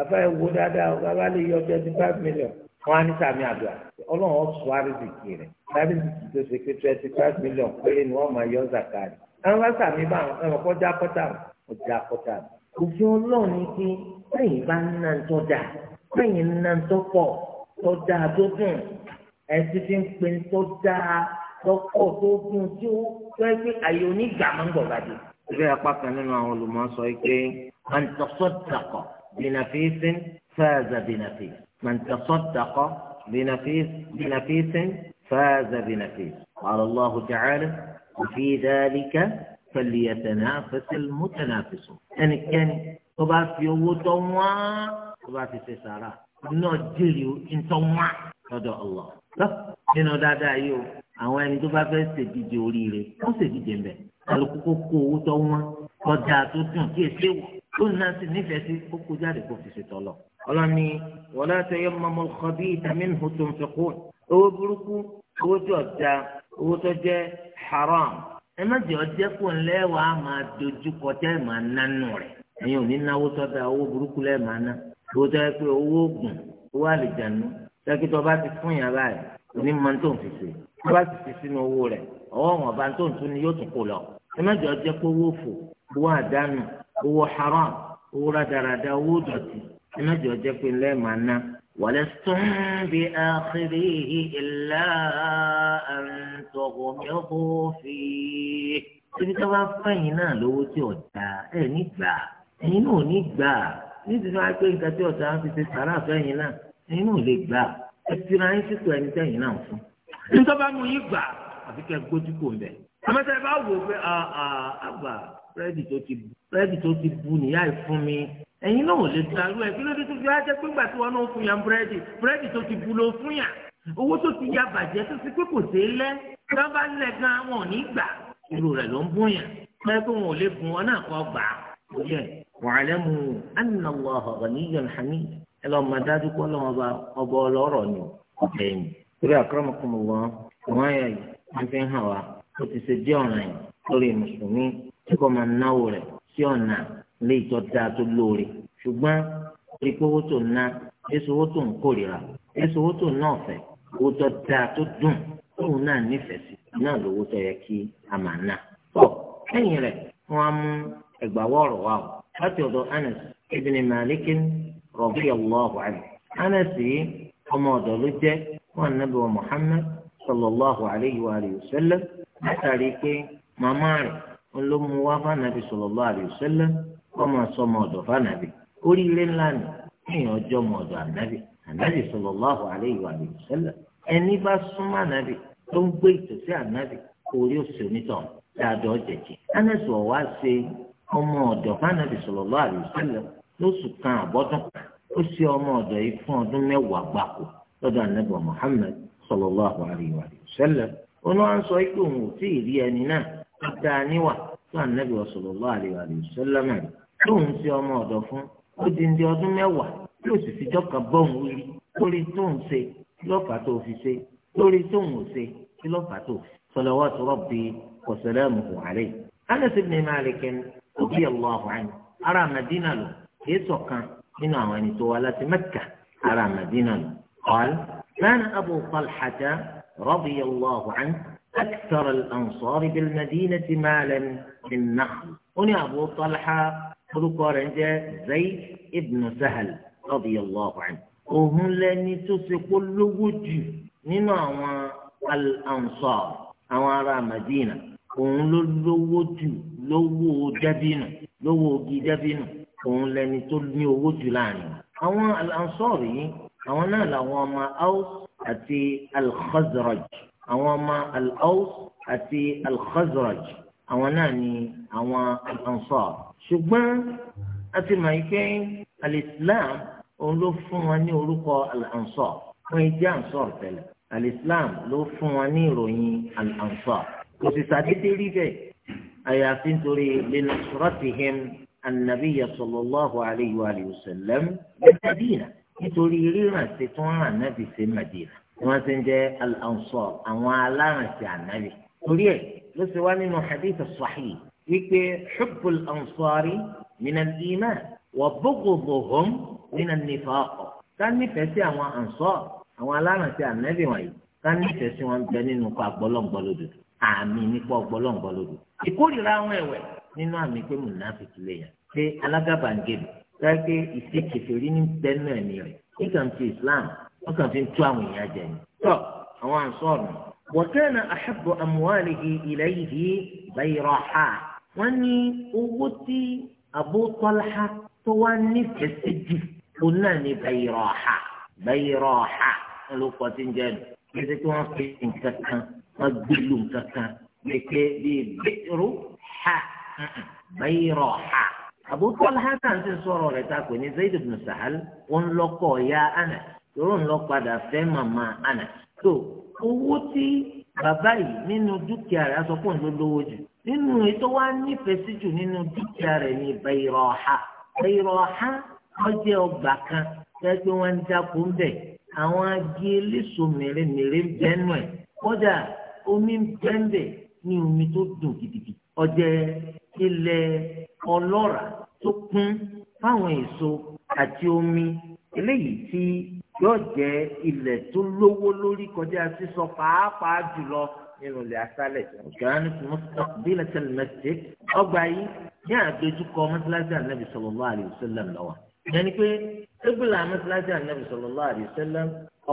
àbá ẹ̀wò dáadáa ọba bá lè yọ twenty five million wọn á ní sàmì àdúrà ọlọ́run ó sọ àrídìkì rẹ̀ àrídìkì tó ṣe pé twenty five million péré ni wọ́n máa yọ zakari àwọn bá sàmì bá àwọn ẹ̀rọ kọjá kọ́tà ọjà kọ́tà òfin ọlọ́run ni pé lẹ́yìn bá ń ná tó dáa lẹ́yìn ń ná tó pọ̀ tó dáa tó dùn ẹtí fi ń pin tó dáa lọ́pọ̀ tó dùn tí ó fẹ́ pé àyè onígbà máa ń gbọ̀gbàdì. ìbéèrè apá kan nínú àwọn olùmọ̀ sọ pé àǹtọ̀sọ̀dàkọ̀ bìnàfíìsì fẹ́ẹ́ من تصدق بنفيس بنفيس فاز بنفيس قال الله تعالى وفي ذلك فليتنافس المتنافسون يعني كان طبعا في وطوع طبعا في سارة نجري إن طوع رضا الله nínú dáadáa yìí o àwọn ẹni tó bá fẹ́ ṣèdíje oríire wọ́n ṣèdíje ń bẹ̀ alùpùpù kó owó tọ́ wọn kọjá tó dùn kí èsì wọ̀ tó náà sì nífẹ̀ẹ́ sí kókó jáde kó fi ṣètọ́ lọ ọlọ́ni wọlé àtẹyẹ mọmọ kọbí ìtàmínú tó ń fẹkọ owó burúkú owó tó ọjà owó tó jẹ haram ẹ má jẹ ọjẹ kó ńlẹ wàá máa dojú kọjá ẹ máa nánú rẹ ẹ̀yin ò ní náwó sọdá owó burúkú lẹ máa ná owó tó yẹ pé owó oògùn owó àlìjánu dókítà ọba ti fún yàrá ẹ òní máa tó ń fi ṣe ọba ti fi sínú owó rẹ ọwọ́ wọn ọba tó ń tún ni yóò tún kó lọ ẹ má jẹ ọjẹ kó owó fò owó àdánù owó haram owó rádaràda owó dọ̀tí ẹ má jọ pé lẹ́ẹ̀ máa ná ولستم بآخره إلا أن تغمضوا فيه ibi tí a bá fẹ́yìn náà lówó tí ọ̀dà ẹ̀ nígbà ẹ̀yin náà nígbà nítorí wáá pé nǹkan tí ọ̀dà ti ṣe sàrà fẹ́yìn náà ẹ̀yin náà lè gbà ẹ tira yín sípò ẹni tẹ́yìn náà fún. nítorí bá mú yín gbà àfi kẹ́ gbójú kò ń bẹ̀. àmọ́tẹ́ ẹ bá wò ó pé àgbà búrẹ́dì tó ti bú nìyá ìfún mi ẹ̀yin náà ò lè darú ẹ̀ kí ló dé tó fi wá jẹ́ pé gbàtí wọn ti bu ló fún yàn ti ya bàjẹ́ tó ti pé kò sí lẹ́ tí wọ́n bá lẹ̀ gan wọn ò ní gbà irú rẹ̀ ló ń bún yàn pé kó wọn ò lè wọn náà kọ́ gbà á. ẹ máa dájú ọba ọlọ́rọ̀ ni ọ̀kẹ́ lé ìtọ́ dáa tó lóore ṣùgbọ́n rí pé owó tó ń ná èso owó tó ń kórìíra èso owó tó ń ná ọ̀fẹ́ owó tó dáa tó dùn tóun náà nífẹ̀ẹ́ sí náà lówó tó yẹ kí a máa ná. tó lẹ́yìn rẹ̀ wọ́n á mú ẹgbàwọ́ọ̀rọ̀ wa o láti ọ̀dọ̀ Anas ibn Malik radiyallahu anhu. Anas yìí ọmọ ọ̀dọ̀ ló jẹ́ fún anabi wa Muhammad sallallahu alayhi wa sallam látàrí pé màmá rẹ̀ ló mú wá fún anabi sallallahu alayhi wa sallam kọ́mọ sọmọ ọ̀dọ̀ fànàbì oríire ńlá ni kéèyàn ọjọ́ mọ ọ̀dọ̀ ànábì ànábì sallallahu alaihi wa sallam ẹni bá súnmọ́ ànábì tó ń gbé ìtòsí ànábì orí òsì onítàn dáadọ́ jẹ̀jẹ̀ Anas ọ̀wá ṣe ọmọ ọ̀dọ̀ fànàbì sallallahu alaihi wa sallam lóṣù kan àbọ́dún ó ṣe ọmọ ọ̀dọ̀ yìí fún ọdún mẹ́wàá gbáko lọ́dọ̀ ànábì Muhammad sallallahu alaihi wa sallam onu à ń sọ ikú òun ò tí náà dáa níwà tó ànábì sallallahu alaihi wa sallam mẹ́rin tó ń ṣe ọmọ ọ̀dọ̀ fún ó ti di ọdún mẹ́wàá yóò sì fi jọ́ka bọ́ọ̀n wí lórí tó ń ṣe kí lọ́ọ̀fà tó fi ṣe lórí tó ń ṣe kí lọ́ọ̀fà tó salawatu rabbi wa kọ̀sẹ̀lẹ̀ salamuhu alayhi. Anas ibn Malik radiyallahu anhu ará Madina lò kì í sọ̀kan nínú àwọn ẹni tó wá láti Mẹ́kà ará Madina lò. قال كان أبو طلحة رضي الله عنه أكثر الأنصار بالمدينة مالا من نخل. هنا أبو طلحة orúkọ rẹ̀ ń jẹ́ Zayd ibn Sahal radiyallahu anhu òun lẹni tó ṣe kó lówó jù nínú àwọn al-Ansar àwọn ará Madina òun ló lówó jù lówó dàbínù lówó ogi dàbínù òun lẹni tó ní owó jù láàrin àwọn al-Ansar yìí àwọn náà làwọn ọmọ Aus àti al-Khazraj àwọn ọmọ al-Aus àti al-Khazraj àwọn náà ni àwọn àǹfà ṣùgbọ́n a ti mọ̀ ike alìsílám òun ló fún wọn ní orúkọ àǹsọ wọn jẹ́ àǹsọ tẹ́lẹ̀ alìsílám ló fún wọn ní ìròyìn àǹsọ kò sì sàdédé rí bẹ́ẹ̀ àyàfi nítorí linusratihim anabiya sallallahu alayhi wa sallam madina nítorí rírànṣẹ́ tí wọ́n rán ànábì madina wọ́n ti ń jẹ́ àǹsọ àwọn alárànṣẹ́ ànábì torí ẹ̀ ló ṣe wá nínú hadith sahih wípé hubbul ansari minal iman wa bughduhum minan nifaq ká nífẹ̀ẹ́ sí àwọn ansar àwọn alárànṣẹ́ ànẹ́bì wọ̀nyí ká nífẹ̀ẹ́ sí wọn bẹ nínú pa gbọ́lọ́ngbọ́lódò àmì nípa gbọ́lọ́ngbọ́lódò ìkórìíra àwọn ẹ̀wẹ̀ nínú àmì pé mùnàfíkì lè yàn pé alágàbàǹgẹ̀lì lágbé ìṣèkèfèrí ní bẹ́ẹ̀ náà ni rẹ̀ nígbà tí Islam wọ́n kàn fi ń tú àwọn èèyàn jẹ ni. tọ́ àwọn àǹsọ̀rọ̀ وكان أحب أمواله إليه بيرحاء واني أوتي أبو طلحة تواني في السجن قلناني بيرحاء بيرحاء لقوة تنجان إذا كنت في إنكاكا مدلو إنكاكا بكي بيرحاء بيرحاء Abu Talha náà ti sọ̀rọ̀ rẹ̀ ta pè ní Zayd ibn Sahal ó ń lọ́kọ̀ ya Anas tó owó tí bàbá yìí nínú dúkìá rẹ̀ aṣọ pọ̀ ló lówó jù nínú ètò wa nífẹ̀ẹ́ sí jù nínú dúkìá rẹ̀ ní Bayraha Bayraha ọjẹ́ ọgbà kan fẹ́ pé wọ́n ń dáko ń bẹ̀ àwọn agi eléso mèremère ń bẹ́nu ẹ̀ kódà omi ń bẹ́ńbẹ̀ ní omi tó dùn gidigidi ọjẹ́ ilẹ̀ ọlọ́ràá tó kún fáwọn èso àti omi eléyìí tí yóò jẹ́ ilẹ̀ tó lówó lórí kọjá sísọ pàápàá jùlọ nínú ilẹ̀ asálẹ̀ ọ̀gáni mustaqbil al-masjid ọgbà yìí ní àdójúkọ mọ́tíláṣí ànábì sallallahu alayhi wa sallam lọ́wọ́ yẹni pé ébùlà mọ́tíláṣí ànábì sallallahu alayhi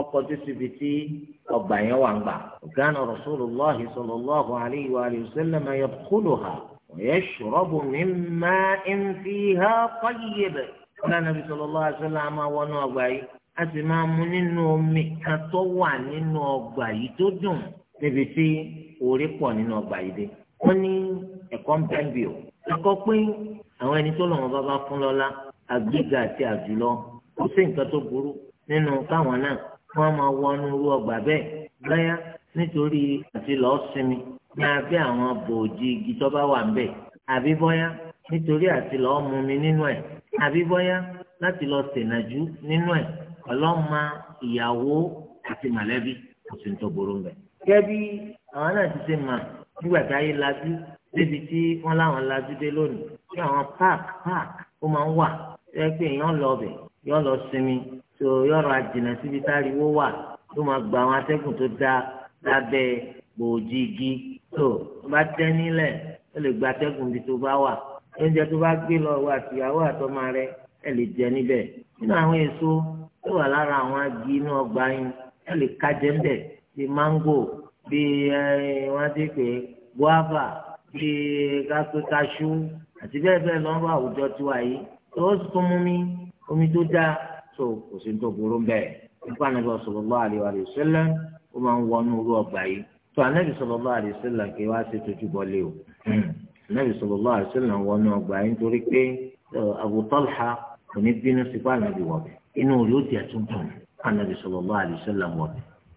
ọkọ̀ tó síbi tí ọgbà yẹn wà ń gbà ọ̀gáni rasulullahi sallallahu alayhi wa sallam yadkhuluha wa a sì máa mu nínú omi kan tó wà nínú ọgbà yìí tó dùn níbi tí orí pọ̀ nínú ọgbà yìí dé. wọ́n ní ẹ̀kọ́ ń bẹ́ẹ̀ bì ó. ẹ̀kọ́ pé àwọn ẹni tó lọ́wọ́ bá bá fún lọ́lá àgbéga àti àjùlọ kò sí nǹkan tó burú nínú káwọn náà wọ́n máa wọnú irú ọgbà bẹ́ẹ̀ báyà nítorí àti lọ́ọ́ sinmi ní abẹ́ àwọn bòójì igi tó bá wà ń bẹ̀ àbí bọ́yá nítorí àti lọ́ọ́ mumi nínú ẹ̀ àbí bọ́yá láti lọ sènàjú nínú ẹ̀ ọlọ́mọ ìyàwó àti mọ̀lẹ́bí kò sì ń tó burú mbẹ. gẹ́bí àwọn náà ti ṣe mà nígbà tí ayé lajú débi tí wọ́n láwọn lajú dé lónìí kí àwọn park park ó máa ń wà ẹ pé èèyàn lọ ọbẹ̀ yọ lọ sinmi tó yọrọ àjìnà síbi táriwó wà tó máa gba àwọn atẹ́gùn tó dá lábẹ́ gbòòjì igi tó bá tẹ́ nílẹ̀ ó lè gba atẹ́gùn bí tó bá wà oúnjẹ tó bá gbé lọ wà tìyàwó àtọmọ rẹ ẹ lè jẹ níbẹ̀ nínú àwọn èso ó wà lára àwọn agi inú ọgbà yín ẹ lè ká jẹ́ńdẹ̀ bí máńgò bí wọ́n ti pè guava bí kápẹ́ kaṣú àti bẹ́ẹ̀ bẹ́ẹ̀ lọ́wọ́ àwùjọ tiwa yìí tó o tún mú mi omi tó dáa tó kò sí tó burú bẹ́ẹ̀ nípa Ànábì sallallahu alaihi wa sallam ó máa ń wọnú irú ọgbà yìí tó Ànábì sallallahu alaihi wa sallam kí wá sí tójú bọ́lé o Ànábì sallallahu alaihi wa sallam wọnú ọgbà yìí nítorí pé Abu Talha kò ní bínú sípò Ànábì wọ̀bẹ̀ inú rẹ̀ ó tiẹ̀ tún dùn anabi sallallahu alaihi wasallam wọ̀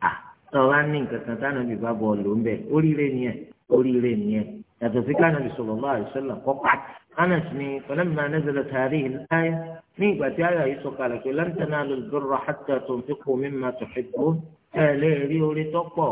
à tọ́wọ́ á ní nǹkan kan tánàbí bá bọ̀ ló ń bẹ̀ oríire nìyẹn oríire nìyẹn yàtọ̀ sí kánàbí sallallahu alaihi wasallam kọ́ pàtì anas ni falamma nazalat hadhihi al-aya ní ìgbà tí àyà yìí sọ̀kalẹ̀ pé lan tanalu al-birra hatta tunfiqu mimma tuhibbun ẹ̀ lè rí orí tó pọ̀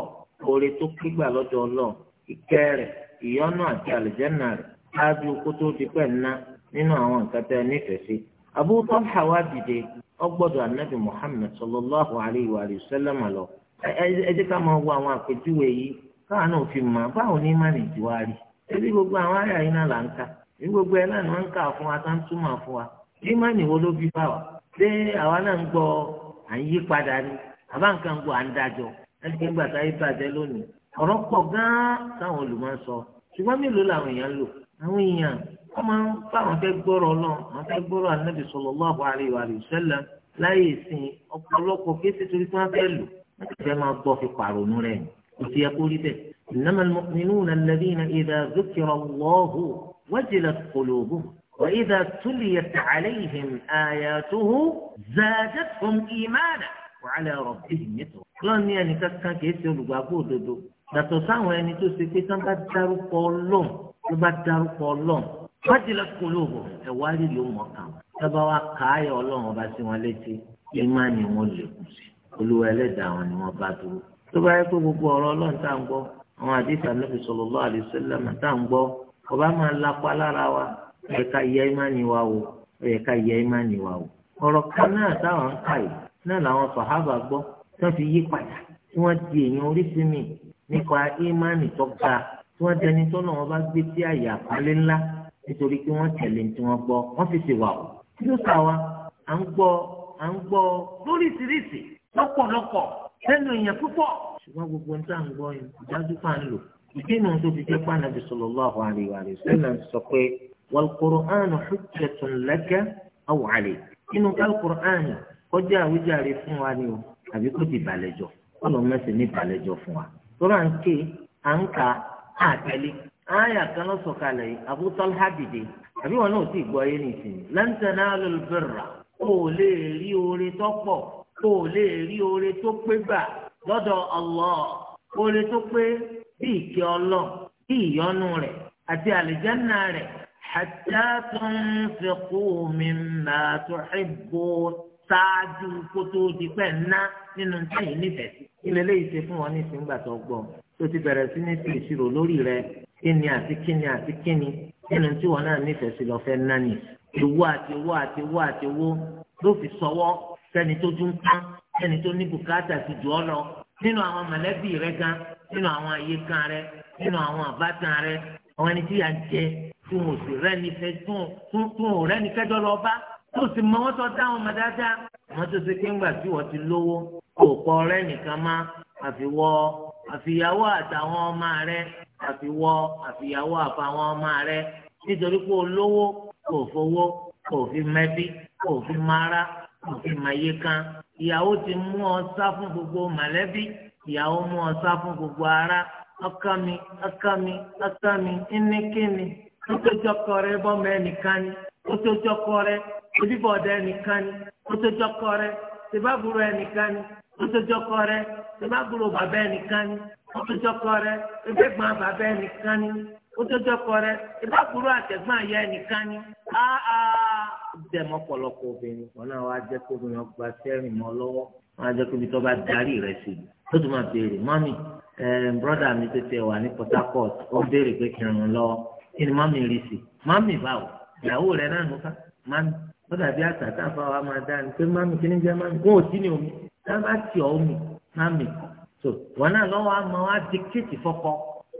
orí tó kígbà lọ́dọ̀ ọlọ́ọ̀ ìkẹ́ rẹ̀ ìyọ́nú àti àlùjẹ́nà rẹ̀ ṣáájú kó tó di ńná nínú àwọn nǹkan tẹ́ nífẹ̀ẹ́ sí. Abu Talha wá dìde Ọ anabi muhammed sallallahu alayhi wa sallam lọ ẹ jẹ́ ká máa wo àwọn àpèjúwe yìí káwọn náà fi mọ̀ báwo ní má ní tiwa rí ebi gbogbo àwọn àyà yìí náà là ebi gbogbo ẹ náà ni wọ́n ń kà fún wa tá ń túmọ̀ fún wa bí má ní wo ló fi padà ni àbá nǹkan à ń ẹni bàjẹ́ lónìí ọ̀rọ̀ pọ̀ gan-an táwọn olùmọ̀ sọ ṣùgbọ́n mélòó làwọn èèyàn lò àwọn èèyàn wọ́n máa ń bá àwọn fẹ́ gbọ́rọ̀ náà àwọn fẹ́ gbọ́rọ̀ ànábì sallallahu alaihi wa sallam láyé ìsìn ọ̀pọ̀lọpọ̀ kéṣe torí tí wọ́n fẹ́ lò wọ́n ti fẹ́ máa gbọ́ fi pàrònú rẹ̀ kò sí ẹkú rí bẹ́ẹ̀. innamal mu'minuna alladhina idha dhukira Allahu wajilat qulubuhum wa idha tuliyat alaihim ayatuhu zadatuhum imanan wa ala rabbihim májèlé kúlóòbò ẹwà lílo mọkàn tábà wá káyọ Ọlọ́run ọba sí wọn létí ìmá ni wọn lè kù sí olúwa Ẹlẹ́dàá wọn ni wọn bá dúró tó bá yẹ pé gbogbo ọ̀rọ̀ Ọlọ́run tá à ń gbọ́ àwọn àdìsá níbi sọlọ lọ àdìsẹlẹ mà tá à ń gbọ́ ọba máa lápá lára wa ẹ ká yẹ ìmá ni wa o ẹ ká yẹ ìmá ni wa o ọ̀rọ̀ kan náà táwọn ń kà yìí náà làwọn sàhábà gbọ́ tí fi yí padà tí wọn di èèyàn oríṣi mi nípa ìmá nìtọ́ ga tí wọn dẹni tó náà wọn bá gbé sí àyè àpálẹ́ ńlá nítorí pé wọ́n tẹ̀lé tí wọ́n gbọ́ wọ́n sì ti wà ó kí ló sà wá à ń gbọ́ à ń gbọ́ lóríṣiríṣi lọ́pọ̀lọpọ̀ lẹ́nu èèyàn púpọ̀ ṣùgbọ́n gbogbo ń tà ń gbọ́ yẹn ìdájú fà ń lò ìdí nu tó fi jẹ́ pàànàbì sallallahu alaihi wa sallam sọ pé wal Qur'anu hujjatun laka aw alayk inú al-Qur'an kọjá àwíjàre fún wa ni o àbí kò ti bàlẹ́jọ ọlọ́mọ ẹ̀sìn ní bàlẹ́jọ fún wa tó àyà kan ló sọ̀kalẹ̀ yìí Abu Talha dìde àbí wọn náà sì gbọ́ ayé nìsín lan tanalul birra kó o lè rí oore tó pọ̀ kó o lè rí oore tó pé gbà lọ́dọ̀ Allah oore tó pé bí ìkẹ́ ọlọ́ bí ìyọ́nú rẹ̀ àti àlìjánná rẹ̀ hatta tunfiqu mimma tuhibbun ṣáájú kó tó di pẹ́ ná nínú táyì nífẹ̀ẹ́ sí. ilé lè ṣe fún wọn ní ìsìngbà tó gbọ́ tó ti bẹ̀rẹ̀ sí ní sí ìṣirò lórí rẹ̀ kíni àti kíni àti kíni nínú tí wọn náà nífẹ̀ẹ́ sí lọ́fẹ́ nání owó àti owó àti owó àti owó ló fi sọwọ́ sẹ́ni tó dún kán sẹ́ni tó ní bùkátà ti jù ọ́ lọ nínú àwọn mọ̀lẹ́bí rẹ gan nínú àwọn àyè kan rẹ nínú àwọn àbátan rẹ àwọn ẹni tí yà jẹ tí wọn ò sì rẹ́ni fẹ́ tún tún ò rẹ́ni kẹjọ lọ bá tó sì mọ wọn tó dá mọ dáadáa wọn tó ṣe pé ńgbà tí wọn ti lówó kò pọ̀ rẹ nìkan má àfiwọ àfìyàwó àtàwọn ọmọ rẹ àfiwọ́ àfìyàwó àfàwọn ọmọ rẹ nítorí pé olówó kò fowó kò fi mẹ́bí kò fi mara kò fi màyé kan ìyàwó ti mú ọ sá fún gbogbo mọ̀lẹ́bí ìyàwó mú ọ sá fún gbogbo ara ọkọ mi ọkọ mi ọkọ mi ńníkíni ó tó jọkọ rẹ bọ́mọ ẹnìkan ni ó tó jọkọ rẹ oníbọ̀dẹ ẹnìkan ni ó tó jọkọ rẹ tìbábùrọ̀ ẹnìkan ni ó tó jọkọ rẹ tìbábùrọ̀ bàbá ẹnìkan ni ó tó jọkọ rẹ ebí gbọ́n bàbá ẹnìkan ni ó tó jọkọ rẹ ebí àbúrò àtẹ̀gbọ́n àyà ẹnìkan ni áá dẹ̀mọ́ ọ̀pọ̀lọpọ̀ obìnrin wọn náà wá jẹ́ kó obìnrin ọgbà sẹ́rìn mọ́ lọ́wọ́ wọn á jẹ́ kó ibi tó bá darí rẹ̀ sí i ó tún máa béèrè mọ́mì brọ́dà mi tètè wà ní Port Harcourt ó béèrè pé kí n rún lọ́wọ́ kí ni mọ́mì rí sí i mọ́mì báwo ìyàwó rẹ̀ náà nù ká mọ́mì ó dàbí àtàtà fáwọn máa dá ni pé mọ́mì kí ni jẹ́ mọ́mì wọn ò sí ní omi tá a bá tì ọ́ omi mọ́mì kọ́ so wọn náà lọ́wọ́ àmọ́ wa dictate fọ́kọ́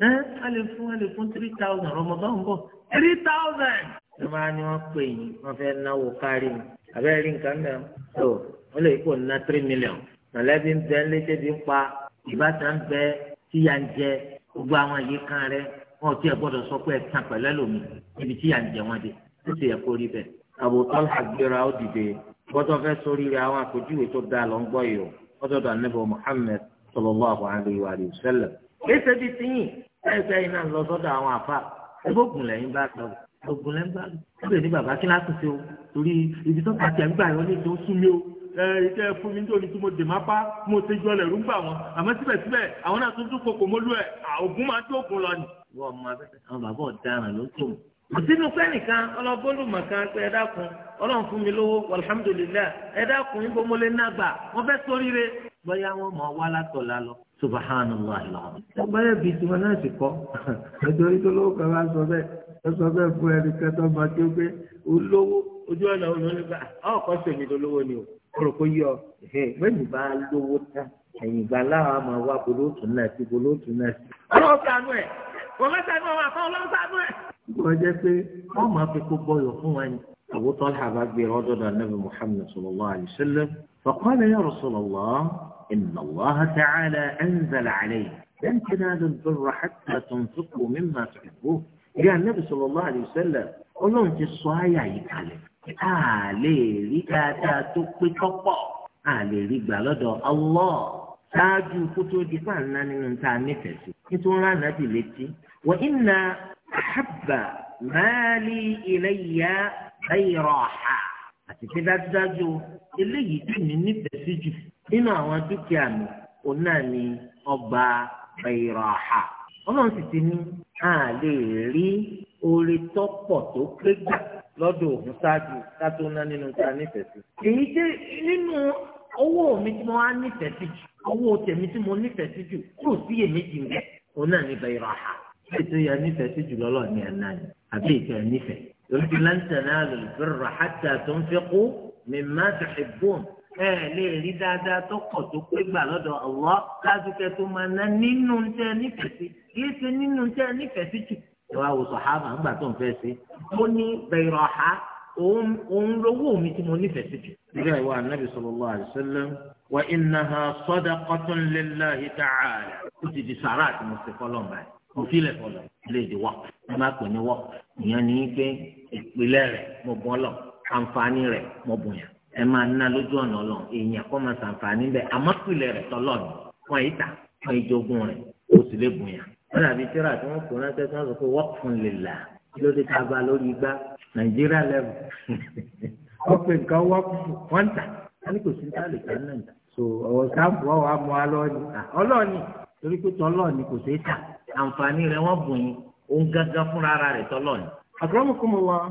ẹ́ a lè fún a lè fún three thousand rọmọdún ń bọ̀ three thousand. ẹ máa ní wọn pè yín wọn fẹ́ náwó kárí mi àbẹ́ rí nǹkan mẹ́rin so wọn lè kó ná three million mọ̀lẹ́bí ń bẹ léṣe bí ń pa ìbátan ń bẹ tíya ń jẹ gbogbo àwọn yìí kan rẹ wọn ò tiẹ̀ gbọ́dọ̀ sọ pé ẹ tàn pẹ̀lẹ́ lómi ibi tíya ń jẹ wọn dé ó sì yẹ kó rí bẹ́ẹ̀ àbòtọ́ àgbéra ó dìde gbọ́dọ̀ fẹ́ sórí àwọn àpèjúwe tó dáa lọ yìí o gbọ́dọ̀ dà níbo Muhammad sallallahu alaihi wa sallam. kéṣe bíi tiyín ẹsẹ iná lọ sọ́dọ̀ àwọn àfa ẹgbógun lẹ́yìn bá lọ ogun lẹ́yìn bá lọ ẹgbẹ́ ní bàbá kíláàsì tó torí ibi tó pàtẹ ń gbà yọ ní tó sún mi o ìtẹ fún mi nítorí tí mo dè máa pa mo ṣe jọ lẹrú ń bà wọn àmọ́ síbẹ̀síbẹ̀ àwọn náà tó dún koko mọlú ẹ ògùn máa tó ògùn lọ ni. wọ́n mọ abẹ́tẹ̀ àwọn bàbá ọ̀daràn ló tó mọ̀. òsínú pẹ́ nìkan ọlọ́gbọ́lùmọ̀ kan pẹ́ dákun ọlọ́run fún mi lówó alhamdulilayi ẹ dákun yín bomole náà gbà wọ́n fẹ́ sóríire bóyá wọ́n mọ̀ wá látọ̀ lálọ́ subhanallah alhamdulilayi. ọgbẹ́rẹ́ bíi tiwọn náà sì kọ́ nítorí tó lówó kan bá sọ bẹ́ẹ̀ ó sọ bẹ́ẹ̀ fún ẹnì kẹtọ́ máa tó pé olówó ojú ọ̀nà olóńgbà ọ̀kọ́ sèmi lólówó ni o kúrò kó yọ mẹ́yìn bá lówó tán ẹ̀yìn ìgbà láwọn àmọ́ wa bolóòtú náà sí bolóòtú náà sí. ọlọ́run sànú ẹ̀ wọ́n mẹ́ta ní ọmọ àfọ́ ọlọ́run sànú ẹ̀. wọ́n jẹ́ pé wọ́n máa fi kó bọyọ̀ fún wa ni أبو طالح أباك برجل النبي محمد صلى الله عليه وسلم فقال يا رسول الله إن الله تعالى أنزل عليه لن تنالوا البر حتى تنفقوا مما تحبوه يا النبي صلى الله عليه وسلم ولون تصايا يتعلم آلي لك تتقي تقوى آلي لك لدو الله ساجو كتو جفاننا من تانيتس كتو لانا وإن أحب مالي إليّ ẹ̀yìn rọ̀ọ̀hà àti pé dájúdájú eléyìí tí mi nífẹ̀ẹ́ sí jù nínú àwọn dúkìá mi òun náà ni ọgbà ẹ̀yìn rọ̀ọ̀hà ọlọ́run sì ti a lè rí oore tó tó pé gbà lọ́dọ̀ òun ṣáájú ná nínú ta nífẹ̀ẹ́ sí. èyí tí nínú owó mi tí mo á nífẹ̀ẹ́ sí jù owó tèmi tí mo nífẹ̀ẹ́ sí jù sí ń bẹ̀ òun ní bẹ̀rẹ̀ ètò ètò torí lan tanalul birra hatta tunfiqu mimma tuhibbun ẹ lè rí dáadáa tó kọ̀ tó pé gbà lọ́dọ̀ Allah láti kẹ́ tó máa ná nínú tẹ́ nífẹ̀ẹ́ sí kì í ṣe nínú tẹ́ nífẹ̀ẹ́ sí jù ìwà wò sàhábà ńgbà tó ń fẹ́ sí ó ní Bayraha òun lówó mi tí mo nífẹ̀ẹ́ jù. ìgbà ìwà anábì sallallahu alaihi wasallam wa innaha sadaqatun lillahi ta'ala ó ti di sàrà àti mùsùlùmí fọlọ́ọ̀ báyìí kò fílẹ̀ fọlọ́ọ̀ lè di wọ́pù ẹ má pè ní wọ́pù ìyẹn ní pé ìpìlẹ̀ rẹ̀ mo bọ́ lọ àǹfààní rẹ̀ mo bùn yàn ẹ máa ná lójú ọ̀nà ọlọ́run èèyàn kọ́ máa ṣàǹfààní bẹ́ẹ̀ àmọ́ ìpìlẹ̀ rẹ̀ tọ́lọ̀ ni wọ́n yìí tà wọ́n yìí jogún rẹ̀ kó sì lè bùn yàn. wọ́n dàbí tíra tí wọ́n kó ránṣẹ́ tí wọ́n sọ pé waqfun lillah kí ló dé tá lórí igbá nàìjíríà lẹ́rù [laughs] wọ́n pe nǹkan waqfu wọ́n tà wọ́n ní kò sí tá a náà tà. so ọ̀rọ̀ sáàpù ọ̀wà mọ́ alọ́ọ̀ni ọlọ́ọ̀ni torí pé tọ́lọ́ọ̀ni kò sí tà àǹfààní rẹ̀ wọ́n bùn yín òun gángan fúnra rẹ̀ tọ́lọ́ọ̀ni akramakumullah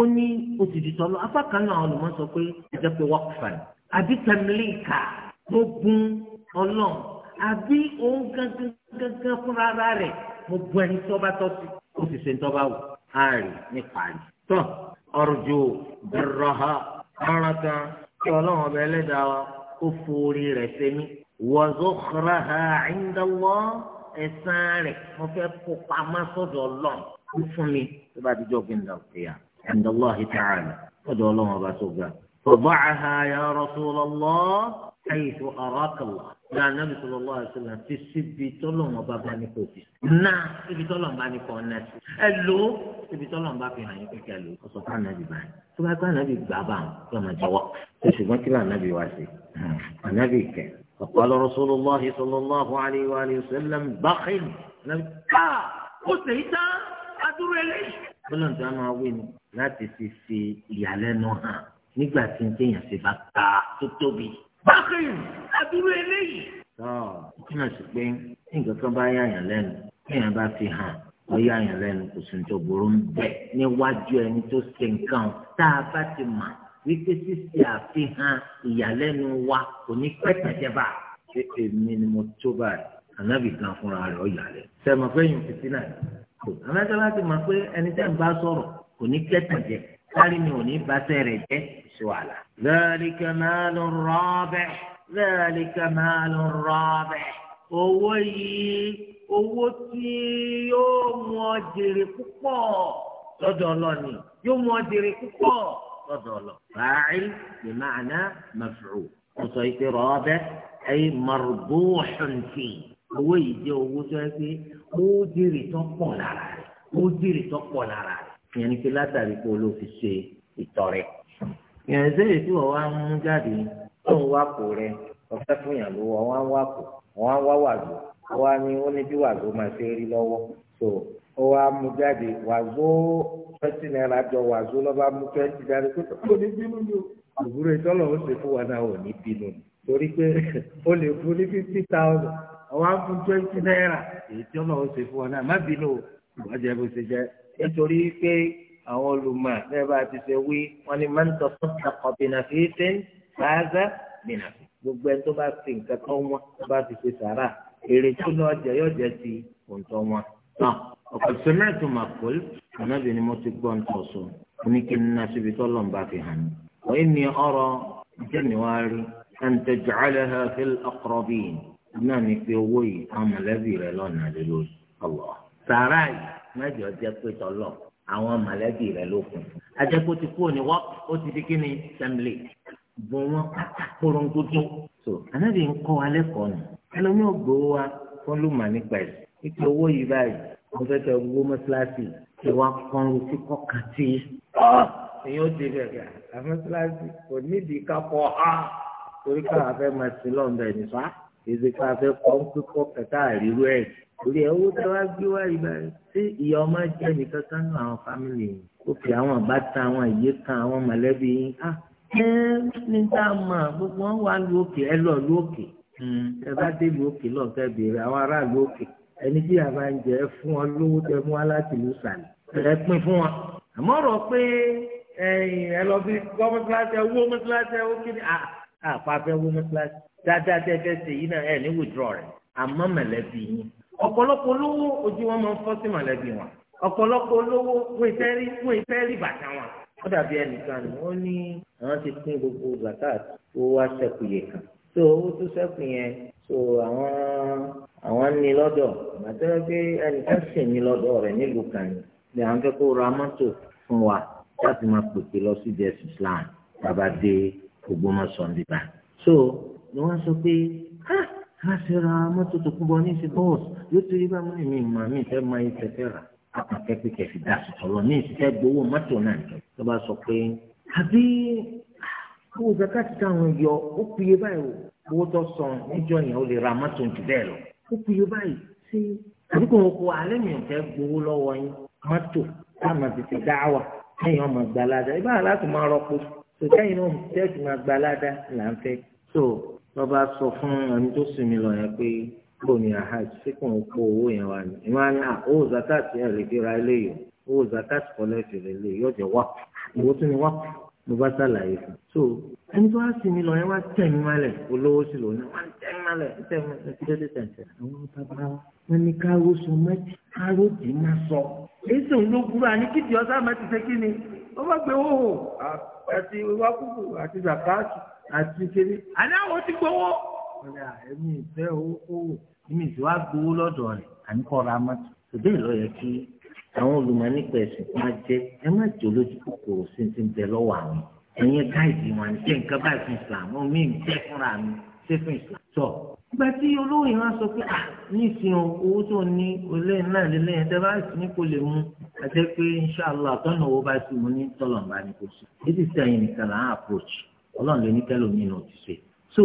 ó ní òtítì tọ́lọ́ apá kan náà olùmọ̀ sọ pé ẹ̀jẹ̀ pé waqfan àbí tẹ̀mílíkà mo gun ọlọ́run àbí òun gangan fúnra ara rẹ̀ mo gun ẹni tó bá tọ́ sí ó sì ṣe ń tọ́ bá wù á rí nípa rí. tọ́ ọ̀rùjò bẹ̀rọ̀ ha kí ọlọ́run ọba ẹlẹ́dàá wa kó forí rẹ̀ ṣe mí wazukra ha inda Allah ẹ̀sán mo fẹ́ kó pamọ́ sọ́dọ̀ ọlọ́run ó fún mi tó bá dijọ́ kí n dà òkè yà ẹ̀ǹdà lọ́hì tààlà ọ̀dọ̀ ọlọ́run ọba tó ga. bàbá àhà ya rasulallah àyètò àràkàlà ní anabi sọlọ́lá àṣìlá ti síbi tọ́lọ́run ọba bá ní kò fi. nà síbi tọ́lọ́run bá ní kò ọ̀nà sí. ẹ lò ó síbi tọ́lọ́run bá fi hàn yín kékeré lò ó. ọ̀sọ̀ fún anabi báyìí. tó bá gbọ́ anabi gbà bá àwọn máa jẹ́wọ́. ṣùgbọ́n kí ló anabi wá sí? anabi kẹ فقال رسول الله صلى الله عليه وآله وسلم بخل نبي آه dúró eléyìí. bọ́lá tí a máa wí ni láti fi fi ìyàlẹ́nu hàn nígbà tí n téèyàn ṣe bá ta tó tóbi. bákẹ́yìn àdúró eléyìí. tọ́ ọ túmọ̀ sí pé nǹkan kan bá yàyàn lẹ́nu téèyàn bá fi hàn ó yàyàn lẹ́nu kò sí tó burú ń bẹ̀ níwájú ẹni tó ṣe nǹkan tá a bá ti mọ̀ wípé ṣíṣe àfihàn ìyàlẹ́nu wa kò ní pẹ́ tẹ̀jẹ̀bà. ṣé èmi ni mo tó báyìí ànábì gan fúnra rẹ̀ ó yà lẹ́nu. sẹ́mi fẹ́yìn fìtínà àmọ́tí wọ́n ti mọ̀ pé ẹni tẹ́ ń bá sọ̀rọ̀ kò ní kẹ́tàn jẹ sáré ni ò ní basẹ́ rẹ̀ jẹ́ sí wàhálà. zalika malun rabi zalika malun rabi owó yìí owó tí yóò mú ọ jèrè púpọ̀ lọ́dọ̀ ọlọ́ni yóò mú ọ jèrè púpọ̀ lọ́dọ̀ ọlọ́. fàáyì lè máa ná màfùrù. mo sọ ìpè rabi ay marbuhun fi owó yìí jẹ́ owó tó yẹ pé ó jèrè tó pọ̀ lára rẹ̀ ó jèrè tó pọ̀ lára rẹ̀ ìyẹn ni pé látàrí pé olóò fi ṣe ìtọrẹ ìyẹn ìṣèlè tí wọn wá ń mú jáde tó ń rẹ ọ̀fẹ́ fún yàn lówó ọwọ́ wá kó ọwọ́ wá wàzó ọwọ́ ni ó ní bí wàzó máa ṣe rí lọ́wọ́ tó ó wá mú jáde wàzó twenty naira jọ wàzó lọ́ba mú twenty jáde pé kò ní bínú ni o òwúrọ̀ ìtọ́lọ̀ ó ṣe fún wa náà ò ní bínú torí pé [laughs] ó lè fún ní fifty thousand ọwọ́ fún twenty naira èyí tí ọlọ́run ṣe fún ọ náà má bínú ìwádìí ẹbí ṣe jẹ nítorí pé àwọn olùmọ̀ bẹ́ẹ̀ bá ti ṣe wí wọn ni máa ń tọ́ sọ́kọ̀ bìnàfíì ṣe ń báàzá bìnàfíì gbogbo ẹni tó bá fi nǹkan tó wọn tó bá fi ṣe sàrà èrè tó lọ jẹ yóò jẹ ti òǹtọ̀ wọn. ọ̀pọ̀ sẹ́mẹ́ẹ̀tì màkòl ànábì ni mo ti gbọ́ ń tọ̀ sọ ní kí n ná síbi tó lọ́n bá fi hàn. wọ́n ní ọ̀rọ̀ jẹ́niwárí náà ni pé owó yìí àwọn mọ̀lẹ́bí rẹ̀ lọ́nà lé lórí ọ̀wọ́. sàárà yìí mẹ́jọ jẹ́ pé tọ́lọ̀ àwọn mọ̀lẹ́bí rẹ̀ ló kù. ajẹ́pọ̀ ti kúrò ní wọ́n ó ti di kíni sẹ́mìlì bọ̀ wọ́n pátá korongodo. so anábì ń kọ́ alẹ́ kọ́ ni ẹlòmí ò gbowó wa fún lùmọ̀ nípa ẹ̀ ike owó yìí báyìí wọ́n fẹ́ kẹ́ owó mọ́sálásì ti wá kọ́ńrú sí ti ah! bẹ̀rẹ̀ ká kọ́ ha torí káwọn afẹ́ máa sí èsì ká fẹ́ kọ́ ń kíkọ́ kẹta àríwú ẹ̀ torí ẹ̀ owó tí wàá gbé wá ibà tí ìyá ọmọ jẹ́ nìkan kan nù àwọn fámìlì yìí ó fi àwọn àbátan àwọn ìyé kan àwọn mọ̀lẹ́bí yín á ah, ẹ ní tá a mọ̀ gbogbo wọn wá lu òkè ẹ lọ lu òkè ẹ bá dé lu òkè lọ fẹ́ béèrè àwọn aráàlú òkè ẹni tí àbá ń jẹ fún wọn lówó tẹ fún wa láti lu sàlẹ̀ ẹ pín fún wọn àmọ́ rọ pé ẹ lọ fi gbọ́ mọ́tíláṣẹ́ owó mọ́tíláṣẹ́ ah, ó kiri àpapẹ́ owó mọ́tíláṣẹ́ dáadáa tẹ́ fẹ́ ṣe yìí náà ẹ̀ ní withdraw rẹ̀ àmọ́ mọ̀lẹ́bí yín ọ̀pọ̀lọpọ̀ olówó ojú wọn máa ń fọ́ sí mọ̀lẹ́bí wọn ọ̀pọ̀lọpọ̀ olówó wọ́n ìfẹ́ rí wọ́n ìfẹ́ rí bàtà wọn. ó dàbí ẹnìkan ni wọ́n ní àwọn ti pín gbogbo zakat tó wá sẹ́kù yẹ kan tó owó tó sẹ́kù yẹn tó àwọn àwọn ní lọ́dọ̀ àtẹ́wọ́ pé ẹnìkan sì ní lọ́dọ̀ rẹ̀ nílùú kan ni àwọn fẹ́ kó ra mọ́tò fún wa láti máa pèpè lọ sí jésù so ni wọ́n sọ pé ká ah, ṣe ra mọ́tò tó kún bọ́ ní ìsìn bọ́ọ̀sì yóò tó yí bá mú mi mà mí fẹ́ máa yí fẹ́ fẹ́ rà àpàkẹ́ pé kẹfì dà sọ̀rọ̀ ní ìsìn fẹ́ gbowó mọ́tò náà nìkan tó bá sọ pé àbí ah, owó zakati táwọn yọ ó péye báyìí o owó tó san níjọ́ yẹn ó lè ra mọ́tò jù bẹ́ẹ̀ lọ ó péye báyìí ṣé àbí kò kó alẹ́ mi ò fẹ́ gbowó lọ́wọ́ yín mọ́tò táwọn ti ti dá wà so lọ́ba sọ fún ẹni tó sinmi lọ yẹn pé kò ní ahaj sípò ń kó owó yẹn wá ní. ìmọ̀ ni ah, owó zakat yẹn lè fi ra eléyìí owó zakat kọ́lẹ́ fi rẹ̀ lè yọjọ wá owó tún ni wá ló bá ṣàlàyé fún. so ẹni tó wá sinmi lọ yẹn wá tẹ̀mí malẹ̀ olówó sì lò ní wá tẹ̀mí malẹ̀ tẹ̀mí malẹ̀ kí ló dé tẹ̀sẹ̀. àwọn bàbá wọn ní káró so mẹ́tì káró dì má sọ. èyí ń ló burú àní kíkì ọ̀sán mẹ́tì àti kéré àní àwọn ti gbowó. ọ̀rẹ́ àmì ìfẹ́ owó kówó èmi ìfẹ́ wa gbowó lọ́dọ̀ rẹ̀ àní kọ́ ra mọ́tò. òbí ìlọ yẹ kí àwọn olùmọ̀ nípa ẹ̀sìn kó máa jẹ́ ẹ má jò lójú kòkòrò sí ti ń bẹ lọ́wọ́ àwọn ẹ̀yin káìdì wọn jẹ́ nǹkan báyìí fún Islam omi ń jẹ́ fúnra mi ṣé fún Islam. sọ ìgbà tí olówó yìí sọ pé à nísìnyí owó tó ní olè náà lélẹ́yìn tẹ́ bá sì ní lè mú àti pé inṣàlá tọ́nà owó bá ti mú ní tọ́lọ̀ bá ní kó sùn. ètùtù ẹ̀yìn nìkan là ń approach ọlọ́run lè ní kẹ́lò mí náà ti ṣe. so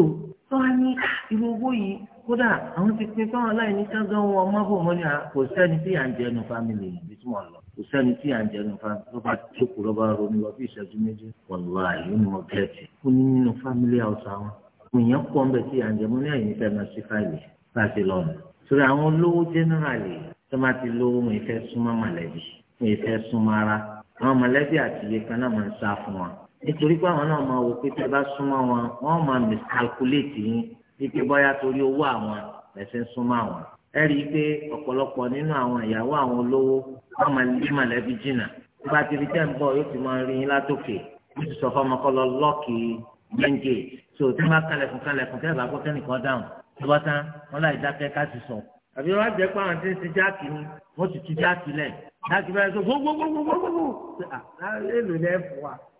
tọ́wá ní ah, irú owó yìí kódà àwọn ti pín fáwọn aláìní kángán wọn ọmọ bò wọn ni ah, kò sẹ́ni tí à ń jẹnu fámìlì yìí bí tí wọ́n lọ kò sẹ́ni tí à ń jẹnu fámìlì ló bá tókù lọ́ba ronú lọ bí ìṣẹ́jú méjì wọ̀lá yìí ni mo gẹ̀ẹ́tì ó ní nínú fámìlì àwùsọ àwọn èèyàn pọ̀ ń bẹ̀ tí à ń jẹ mo ní àyè níta náà sí fáìlì láti lọ́nà torí àwọn olówó jẹ́nẹ́rálì tó máa ti lówó wọn ìfẹ́ súnmọ́ mọ̀lẹ́bí ìfẹ́ súnmọ́ ara àwọn mọ̀lẹ́bí àtìlẹ́kan náà máa ń sá fún wọn nítorí pé àwọn náà máa wò pé tẹ́ bá súnmọ́ wọn wọ́n máa miscalculate yín wípé bóyá torí owó àwọn lẹ́sẹ̀ ń súnmọ́ àwọn. ẹ rí i pé ọ̀pọ̀lọpọ̀ nínú àwọn ìyàwó àwọn olówó wọ́n máa lé mọ̀lẹ́bí jìnnà tó bá ti rí tẹ́ ń bọ̀ yóò ti máa rí yín látòkè yóò ti sọ fọmọ kọ́ lọ lọ́ọ̀kì gbẹ̀ǹgẹ̀ so tí wọ́n bá kalẹ̀kùn kalẹ̀kùn tẹ́ bá gbọ́kẹ́ nìkan dáhùn tó bá tán wọ́n láì dákẹ́ ká sì sọ. àbí wọ́n á jẹ́ pé àwọn tí ń ti jáàkì ni wọ́n ti ti jáàkì lẹ̀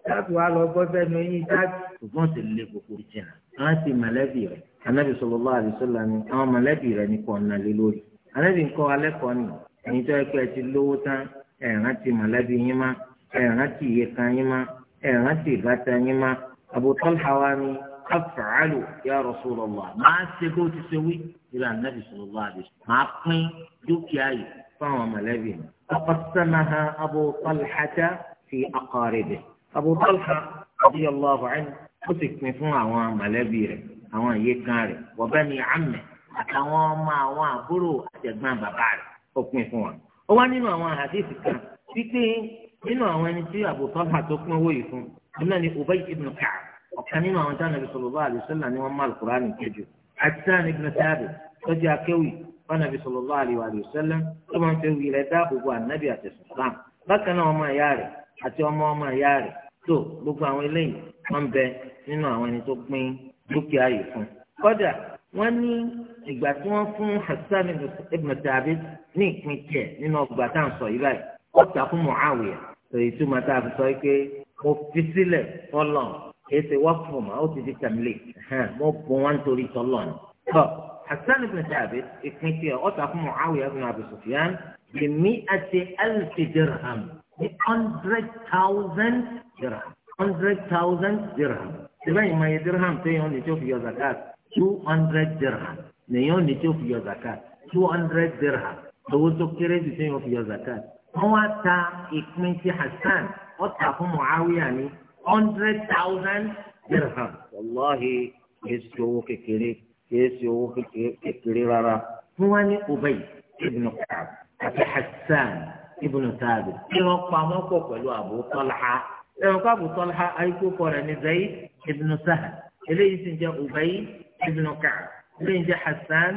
láti wá lọ gbọ́ sẹ́nu eyín dájú ṣùgbọ́n ti lè gbogbo ìjìnà wọ́n ti mọ̀lẹ́bí rẹ̀ anábì sallallahu alaihi wasallam ni àwọn mọ̀lẹ́bí rẹ̀ ní kọ́ ọ̀nà lé lórí anábì ńkọ́ alẹ́ kọ́ ni ẹ̀yin tó yẹ kí ẹ ti lówó tán ẹ̀ rántí mọ̀lẹ́bí yín má ẹ̀ rántí iye kan yín má ẹ̀ rántí ìbátan yín má Abu Talha wa ni af'alu ya Rasulullah máa ṣe bó ti ṣe wí ìlà anábì sallallahu alaihi Abu Talha radiyallahu anhu ó sì pin fún àwọn mọ̀lẹ́bí rẹ̀ àwọn ìyèkan rẹ̀ wa bani ammi àtàwọn ọmọ àwọn àbúrò àjẹgbọ́n bàbá rẹ̀ ó pin fún wọn. ó wá nínú àwọn hadithi kan wípé nínú àwọn ẹni tí Abu Talha tó pín owó yìí fún iná ni Ubay ibn Ka'b ọ̀kan nínú àwọn táwọn Nabi sallallahu alaihi wasallam ni wọ́n má al-Qur'ani kejì àti sáà ibn Thabit tọ́jú akéwì fanabi sallallahu alayhi wa sallam tó máa ń fi wíìlẹ̀ dáàbò bo ànábì àti sùsùlám bákan náà ọmọ ìyá rẹ̀ àti ọmọ ọmọ ìyá rẹ̀ tó gbogbo àwọn eléyìí wọ́n ń bẹ nínú àwọn ẹni tó pín dúkìá yìí fún kódà wọ́n ní ìgbà tí wọ́n fún Hassan ibn Thabit ní ìpín tiẹ̀ nínú ọgbà tá à ń sọ yìí báyìí wọ́n ta fún Muawiya èyí tó máa tá a fi sọ pé mo fi sílẹ̀ fọlọ èyí ṣe wá fún ma ó ti di tẹmílẹ mo bọ wọn torí tọlọ ni. Hassan ibn Thabit ìpín tiẹ̀ wọ́n ta fún Muawiya ibn Abi Sufyan bi mi'ati alfi dirham hundred thousand dirham hundred thousand dirham sibẹ́yìn mọ̀ iye dirham téèyàn ní tí ó fi yọ zakat two hundred dirham nìyẹn ní tí ó fi yọ zakat two hundred dirham owó tó kéré jù téèyàn fi yọ zakat wọ́n wá ta ìpín ti Hassan wọ́n ta fún Muawiya ní hundred thousand dirham wàláhi kìí ṣe owó kékeré kìí ṣe owó kékeré rárá fún wa ní Ubay ibn Ka'b àti Hassan ibùnú sáàbì kí wọ́n pamọ́ pọ̀ pẹ̀lú Abu Talha ẹ̀rọ kó Abu Talha ayíkó kọ rẹ̀ ní Zayd ibùnú sáà eléyìí sì ń jẹ́ Ubay ibùnú Ka'b eléyìí ń jẹ́ Hassan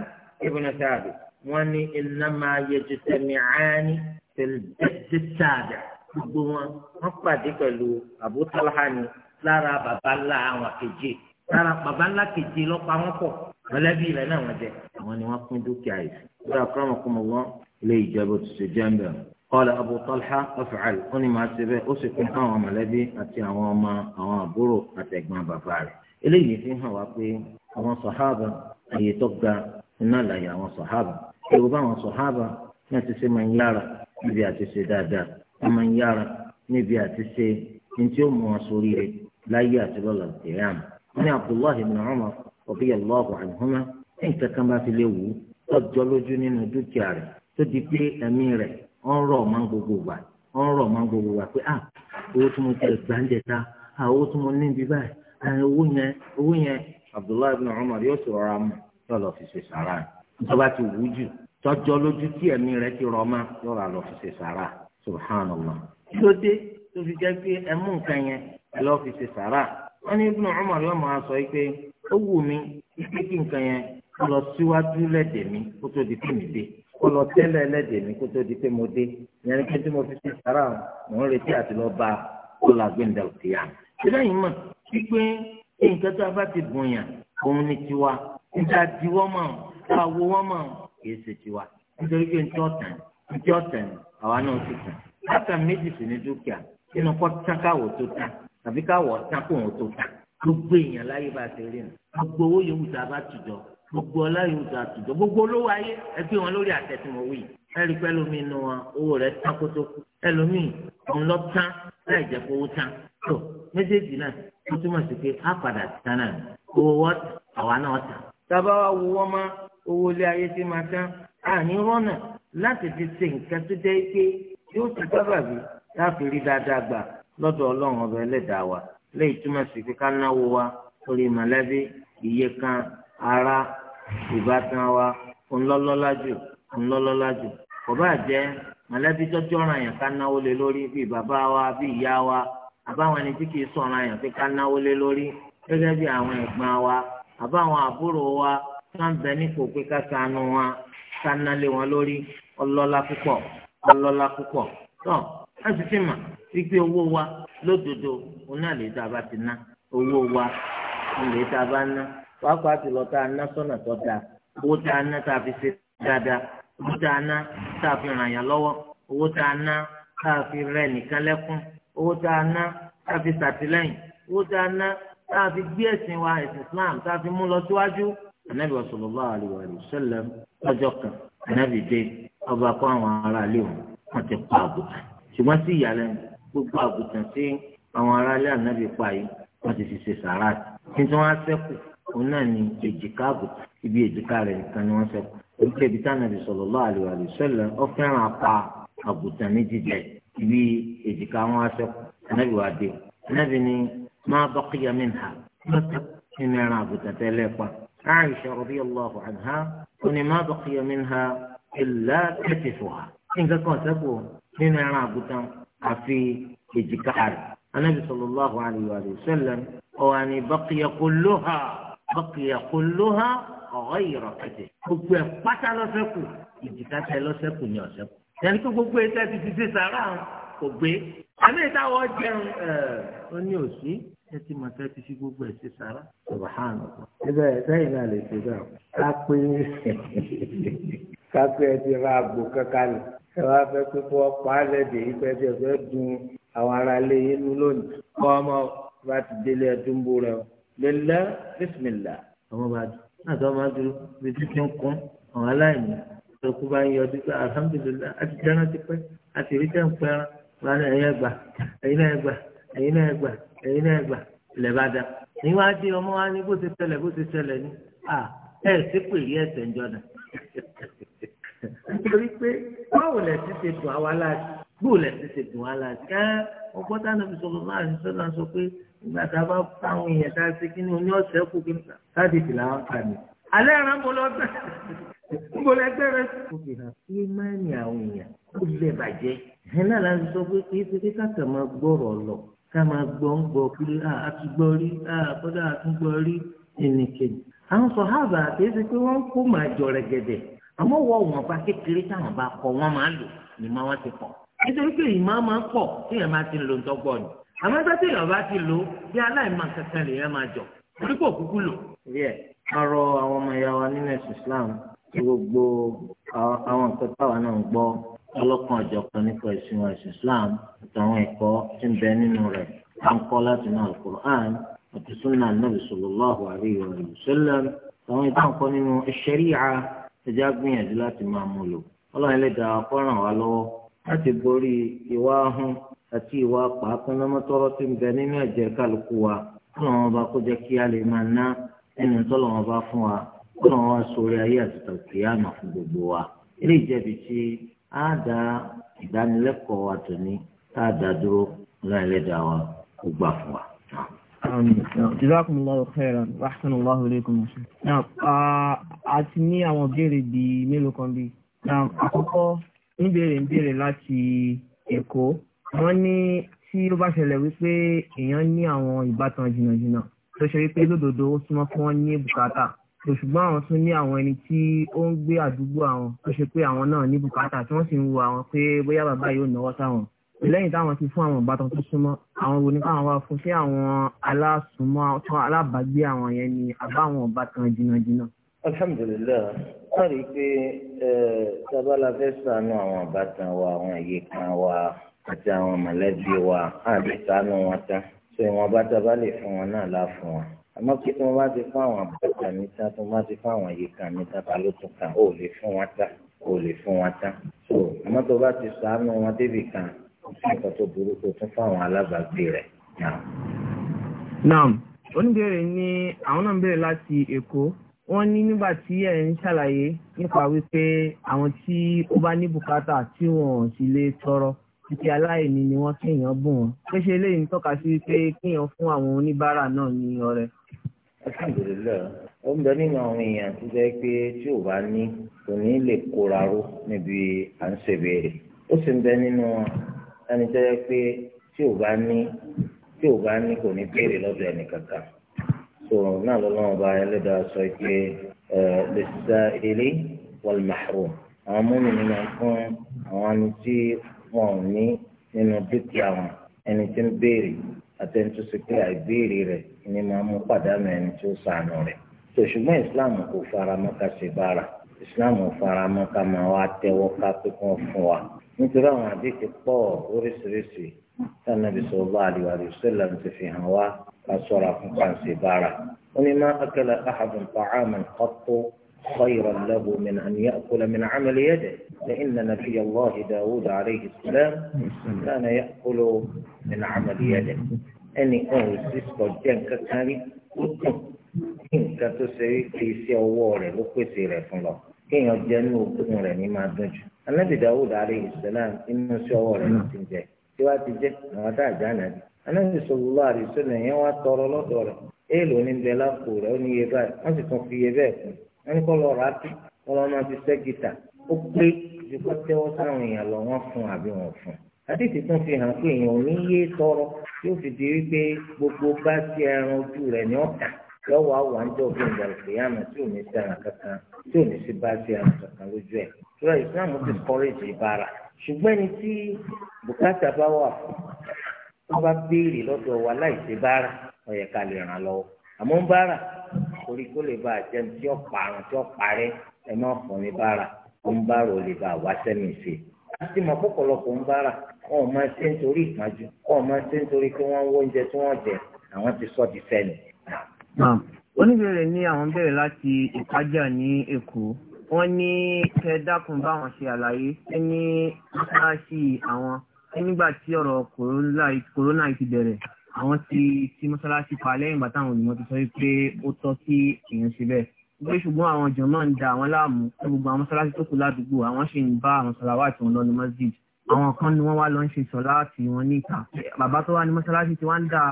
ibùnú sáàbì wọ́n ní innama yajtami'ani fil jadd sáàbì gbogbo wọn wọ́n pàdé pẹ̀lú Abu Talha ni lára bàbá ńlá àwọn kejì lára bàbá kejì lọ́pàá wọn pọ̀ mọ̀lẹ́bí rẹ̀ náà wọ́n jẹ àwọn ni wọ́n pín dúkìá yìí. ó dà kọ́ ọmọkùnrin wọn ilé ìjọba ṣe jẹ́ ń bẹ̀rù. قال أبو طلحة أفعل أني ما سبه أسكن أو ملبي أتي أو ما أو برو أتي بفعل إلي فيها وقي أو صحابة أي تبقى إن لا يا أو صحابة يبقى أو صحابة ما تسي من يارا نبي أتسي دادا أما يارا نبي أتسي إن يوم وصولي لا يأتي الله القيامة أنا عبد الله بن عمر رضي الله عنهما أنت كما في اليوم تجلو جنين دوكياري تدي بي أميري ọ̀rọ̀ rọ ọmọ gbogbo wà ọ̀rọ̀ máa ń gbogbo wà pé ah owó tí mo tẹ gbàǹjẹ ta ah owó tí mo ní yẹn owó Abdullahi Umar yóò sọ yóò lọ fi ṣe sàrà ìjọba ti wù lójú tí rẹ ti rọ ọmọ yóò rà lọ fi ṣe sàrà dé tó fi pé nǹkan yẹn lọ fi ṣe sàrà wọn ní yóò máa sọ pé ó wù kó lọ tẹ́lẹ̀ ẹlẹ́dẹ̀ mi kó tó di pé mo dé ìyẹn ní pé tí mo fi ṣe sára mò ń retí àti lọ bá kó la gbẹ̀ǹdà òkè yá. síbẹ̀ yìí mọ̀ wípé nǹkan tó a bá ti bùn yàn òun ni tiwa níta di wọ́n mọ̀ níta wo wọ́n mọ̀ kì í ṣe tiwa nítorí pé ntí ọ̀tàn ntí ọ̀tàn àwa náà ti tàn bàtà méjì sì ní dúkìá nínú kọ́ tán káwọ̀ tó tán tàbí káwọ̀ tán kò tó tán gbogbo a bá gbogbo ọláyò tó àtùjọ gbogbo olówó ayé ẹgbẹ́ wọn lórí àtẹ̀tùmọ̀ wí ẹ̀rí pẹ́lú mi nu wọn owó rẹ̀ tán kó tó kú ẹlòmíì òun lọ tán láì jẹ́ kó owó tán tó méjèèjì náà ó túmọ̀ sí pé á padà tán náà owó wọ́n àwa náà tán. tábà wá wo wọ́n má owó ilé ayé ti máa tán àní rọ́nà láti fi ṣe nǹkan tó jẹ́ pé yóò ti sábàbí láti rí dáadáa gbà lọ́dọ̀ ọlọ́run ọba ẹlẹ́dàá wa léyìí túmọ̀ sí pé ká náwó wa orí ara ìbátan wa ńlọ́lọ́lá jù ńlọ́lọ́lá jù kò bá jẹ́ mọ̀lẹ́bí tọ́jú ọ̀ràn yẹn ká náwó lé lórí bíi bàbá wa bíi ìyá wa àbáwọn ẹni tí kì í sọ̀ràn yẹn pé ká náwó lé lórí gẹ́gẹ́ bí àwọn ẹ̀gbọ́n wa àbáwọn àbúrò wa tó ń bẹ nípò pé ká ṣàánú wa ká ná lé wọn lórí ọlọ́lá púpọ̀ ọlọ́lá púpọ̀ tó láti fi mà wípé owó wa lódodo òun náà lè tá a bá ti ná owó wa lè tá a bá ná pápá ti lọ tá a ná sọ́nà tó dáa owó tá a ná tá a fi ṣe dáadáa owó tá a ná tá a fi ràn yàn lọ́wọ́ owó tá a ná tá a fi rẹ nìkan lẹ́kún owó tá a ná tá a fi ṣàtìlẹ́yìn owó tá a ná tá a fi gbé ẹ̀sìn wa ẹ̀sìn Islam tá a fi mú lọ síwájú. anabi sallallahu alaihi wa sallam lọ́jọ́ kan anabi dé ọba kó àwọn aráalé òun wọ́n ti pa àgùntàn ṣùgbọ́n sí ìyàlẹ́nu gbogbo àgùntàn sí àwọn aráalé anabi pa yìí wọ́n ti fi ṣe sàrà tuntun wọn á ṣẹ́kù òun náà ní èjìká àbò ibi èjìká rẹ̀ nìkan ni wọ́n sẹ́kù orúkọ ibi táwọn ẹbí sọ̀rọ̀ lọ́wọ́ àlùwà lè sẹ́lẹ̀ ó fẹ́ràn apá àgùntàn ní jíjẹ ibi èjìká wọn á sẹ́kù ẹnẹ́bí wàá dé ẹnẹ́bí ni máa bá kíyà mí nà lọ́tọ̀ nínú ẹran àgùntàn tẹ́lẹ̀ pa Aisha radiyallahu anha ó ní máa bá kíyà mí nà illa katifuha nǹkan kan sẹ́kù nínú ẹran àgùntàn àfi èjìká rẹ̀ ẹnẹ́bí sọ̀rọ̀ àlùwà lè sẹ́lẹ̀ ọ̀ ọkìyà kò ló hàn ọ̀rọ̀ ìrọ̀ kẹ̀tẹ̀ gbogbo ẹ̀ pátá lọ́sẹ̀kù ìdìkàtẹ̀ lọ́sẹ̀kù ni ọ̀sẹ̀kù yẹnni kó gbogbo ẹ̀ tẹ́tí ti ṣe sàrà kò gbé àmì ìtawọ̀ jẹun ẹ̀ ó ní òsì tẹ́tí mọ̀ tẹ́tí sí gbogbo ẹ̀ ṣe sàrà subahana ibẹ̀ sẹ́yìn náà lè ṣe bẹ́ẹ̀ kápẹ́ kápẹ́ ẹ ti ra àgbò kankan ẹ wá fẹ́ pé kó ọ pa á lẹ́dẹ̀ yìí fẹ́ fẹ́ dun àwọn ará lẹ́lá bísímìlá ọmọ bá dùn àti ọmọ adúrú bí títí ń kún àwọn aláìní ọkọ bá ń yọjú pé alhamdulilayi àti dáná ti pẹ́ àti rí tẹ̀ ń pẹ́ wọn ẹ̀yin ẹgbà ẹ̀yin ẹgbà ẹ̀yin ẹgbà ẹ̀yin ẹgbà ilẹ̀ bá dá níwá dé ọmọ wa ní bó ti ṣẹlẹ̀ bó ti ṣẹlẹ̀ ní à ẹ̀ sí pè rí ẹ̀sẹ̀ ń jọ̀nà [laughs] nítorí pé báwo lẹ̀ ti ṣe tún àwa láti gbóò lẹ́sìn ṣe dùn wàhálà sí ká ọgbọ́n tá a nàbì sọ̀rọ̀ náà ní sọ́nà sọ pé nígbà tá a bá táwọn èèyàn dá sí kí ni oní ọ̀sẹ̀ kù kí níta káàdì ìfìlà wọn kà ní. alẹ́ ara ń bolo ọgbà ń bolo ẹgbẹ́ rẹ. ó fi hàn pé máa ń yàn àwọn èèyàn ó lè bàjẹ́. ẹ̀ náà la sọ pé kì í ṣe pé káàkà máa gbọ́rọ̀ lọ ká máa gbọ́ ń gbọ́ kiri àtúgbọ́ rí àkọ́dá àtúgbọ́ rí ẹnìkejì. àwọn sọ̀hábà kì í ṣe pé wọ́n kó máa jọ rẹ̀ gẹ̀dẹ̀ àmọ́ wọ́n wọ̀n nítorí pé ìmọ̀ máa ń pọ̀ tí èèyàn máa ti lò ń tọ́gbọ́ ni àmọ́ sá tí èèyàn bá ti lò bí aláìmọ̀ kankan lèèyàn máa jọ orí pọ̀ kúkú lò. a rọ àwọn ọmọ ìyá wa nínú ẹ̀sìn Islam tí gbogbo àwọn nǹkan táwa náà ń gbọ́ ọlọ́kan ọ̀jọ̀kan nípa ìsìn ẹ̀sìn Islam àtàwọn ẹ̀kọ́ tí ń bẹ nínú rẹ̀ à ń kọ́ láti náà Al-Qur'an àti sunnah Nabi sallallahu alayhi wa sallam àwọn ìdáǹkọ́ nínú Sharia ẹ̀já gbìyànjú láti máa mú lò ọlọ́run ẹlẹ́dàá kó láti borí ìwà ahun àti ìwà pàápàánlọ́mọ́tọ́rọ́ tí ń bẹ nínú ẹ̀jẹ̀ kálukú wa kọ́nà wọn bá kó jẹ́ kí a lè máa ná ẹnu tọ́lọ̀ wọn bá fún wa kọ́nà wọn sórí ayé àtúntò kì í àmà fún gbogbo wa. ilé ìjẹ́bi tí a dá ìdánilẹ́kọ̀ọ́ wa tó ní tá a dá dúró láìlẹ́dàá wa kó gbà fún wa. Jazakum Allah khairan wa ahsanallahu ilaykum. Àti ní àwọn ìbéèrè bíi mélòó kan bíi níbèrè ń bèrè láti Èkó wọ́n ní tí ó bá ṣẹlẹ̀ wípé èèyàn ní àwọn ìbátan jìnnàjìnnà tó ṣe wípé lódodo ó súnmọ́ kí wọ́n ní bùkátà ṣùgbọ́n àwọn tún ní àwọn ẹni tí ó ń gbé àdúgbò àwọn tó ṣe pé àwọn náà ní bùkátà tí wọ́n sì ń wo àwọn pé bóyá bàbá yóò náwó sáwọn lẹ́yìn táwọn ti fún àwọn ìbátan tó súnmọ́ àwọn wo ni káwọn wá fún sí àwọn alásùnmọ́ alábàágbé àwọn yẹn ni àbáwọn ìbátan jìnnàjìnnà alhamdulilayi a rí i pé sábàlá fẹ́ sànú àwọn àbátan wa àwọn àyè kan wa àti àwọn mọ̀lẹ́bí wa á sànú wọn tán ṣé wọn bá a bá lè fún wọn náà lá fún wọn àmọ́ kí tí wọ́n bá ti fún àwọn àbátan mi tán tí wọ́n bá ti fún àwọn àyè kan mi tán ta ló tún kàn ó lè fún wọn tán ó lè fún wọn tán so àmọ́ tó bá ti sànú wọn débì kan sí nǹkan tó burú tó tún fún àwọn alábàágbé rẹ̀ náà. naam oníbèrè ni àwọn náà ń láti Èkó wọ́n ní nígbà tí ẹ̀ ń ṣàlàyé nípa wípé àwọn tí ó bá ní bùkátà tí wọ́n sì lè tọrọ títí aláìní ni wọ́n kéèyàn bù wọ́n pé ṣe eléyìí ń tọ́ka sí wípé kéèyàn fún àwọn oníbàárà náà ní ọrẹ. alhamdulillah ó ń bẹ nínú àwọn èèyàn tó jẹ́ pé tí ò bá ní kò ní lè kóra ró níbi à ń ṣèbéèrè ó sì ń bẹ nínú ẹni tó jẹ́ pé tí ò bá ní kò ní béèrè lọ́dọ̀ ẹnìkankan sọ̀rọ̀ náà lọ́nà ọba ẹlẹ́dàá sọ pé lis-sa'ili wal-mahrum àwọn múmi nínú fún àwọn ẹni tí wọn ò ní nínú dúkìá wọn ẹni tí ń béèrè àti ẹni tó ṣe pé àìbéèrè rẹ̀ ni máa mú pàdánù ẹni tó sànù rẹ̀ tó islam kò fara ká ṣe bára islam ò ká máa wá tẹ́wọ́ ká pé fún wa nítorí àwọn àdéhùn pọ̀ oríṣiríṣi tí Ànábì sallallahu alaihi ti fi hàn wá أصرا فقان سبارا ولما أكل أحد طعاما قط خيرا له من أن يأكل من عمل يده لأن نبي الله داود عليه السلام كان يأكل من عمل يده ẹnì kan ò sí sọjẹ nǹkan kan rí ó dùn kí nǹkan tó ṣe rí pé iṣẹ́ ọwọ́ rẹ̀ ló pèsè rẹ̀ fún lọ kéèyàn jẹ ní ogún rẹ̀ ní máa dùn jù anábì Dáúdà alayhi salam inú iṣẹ́ ọwọ́ rẹ̀ ló ti jẹ tí wàá ti jẹ àwọn tá àjá anábì sallallahu alaihi wasallam yẹn wá tọrọ lọ́dọ̀ rẹ̀ èèlò ní bẹ lápò rẹ̀ ó ní iye báyìí wọ́n sì tún fi iye bẹ́ẹ̀ kù wọ́n ní kó lọ rà á tù kó lọ máa fi sẹ́gìtà ó pé ju kó tẹ́wọ́ sáwọn èèyàn lọ wọ́n fún àbí wọ́n fún àdìsí tún fi hàn pé èèyàn ò ní yé tọrọ yóò fi di wípé gbogbo bá sí ẹran ojú rẹ̀ ní ọ̀tà lọ́wọ́ àwọn àjọ òfin ìdàlùfẹ́yàmù tí ò ní sí ẹran kankan tí ò ní sí bá sí ẹran kankan lójú ẹ̀. ìrọ̀ ìsìláàmù ti kọ́rẹ́jì ìbára ṣùgbọ́n ẹni tí bùkátà bá wà fún wọ́n bá béèrè lọ́dọ̀ wa láìsí bára ọ̀yẹ̀ ká lè ràn lọ́wọ́ àmọ́ ń bára torí kó lè bá àjẹun tí ó parun tí ó parẹ́ ẹ má fún mi bára ó ń bára ò lè bá wá sẹ́mi ṣe láti mọ pọ̀pọ̀lọpọ̀ ń bára wọn ò máa ṣe nítorí ìpájú wọn ò máa ṣe nítorí pé wọ́n ń wó oúnjẹ tí wọ́n jẹ àwọn ti sọ di fẹ́ni. oníbèrè ní àwọn bẹ̀rẹ̀ láti ìpájà ní èkó wọ́n ní kẹ́ dákun báwọn ṣe àlàyé ní mọ́ṣáláṣí àwọn nígbà tí ọ̀rọ̀ kòrónà ti bẹ̀rẹ̀ àwọn ti ti mọ́sálásí pa lẹ́yìn bàtà àwọn olùmọ̀ ti sọ wípé ó tọ́ sí èèyàn ṣe bẹ́ẹ̀ wípé ṣùgbọ́n àwọn jàmáà ń da àwọn láàmú fún gbogbo àwọn mọ́sálásí tó kù ládùúgbò àwọn sì ń bá àwọn sọ̀làwà àti wọn lọ ní masjid àwọn kan ni wọ́n wá lọ ń ṣe sọ̀lá àti wọn níta bàbá tó wá ní mọ́sálásí ti wá ń da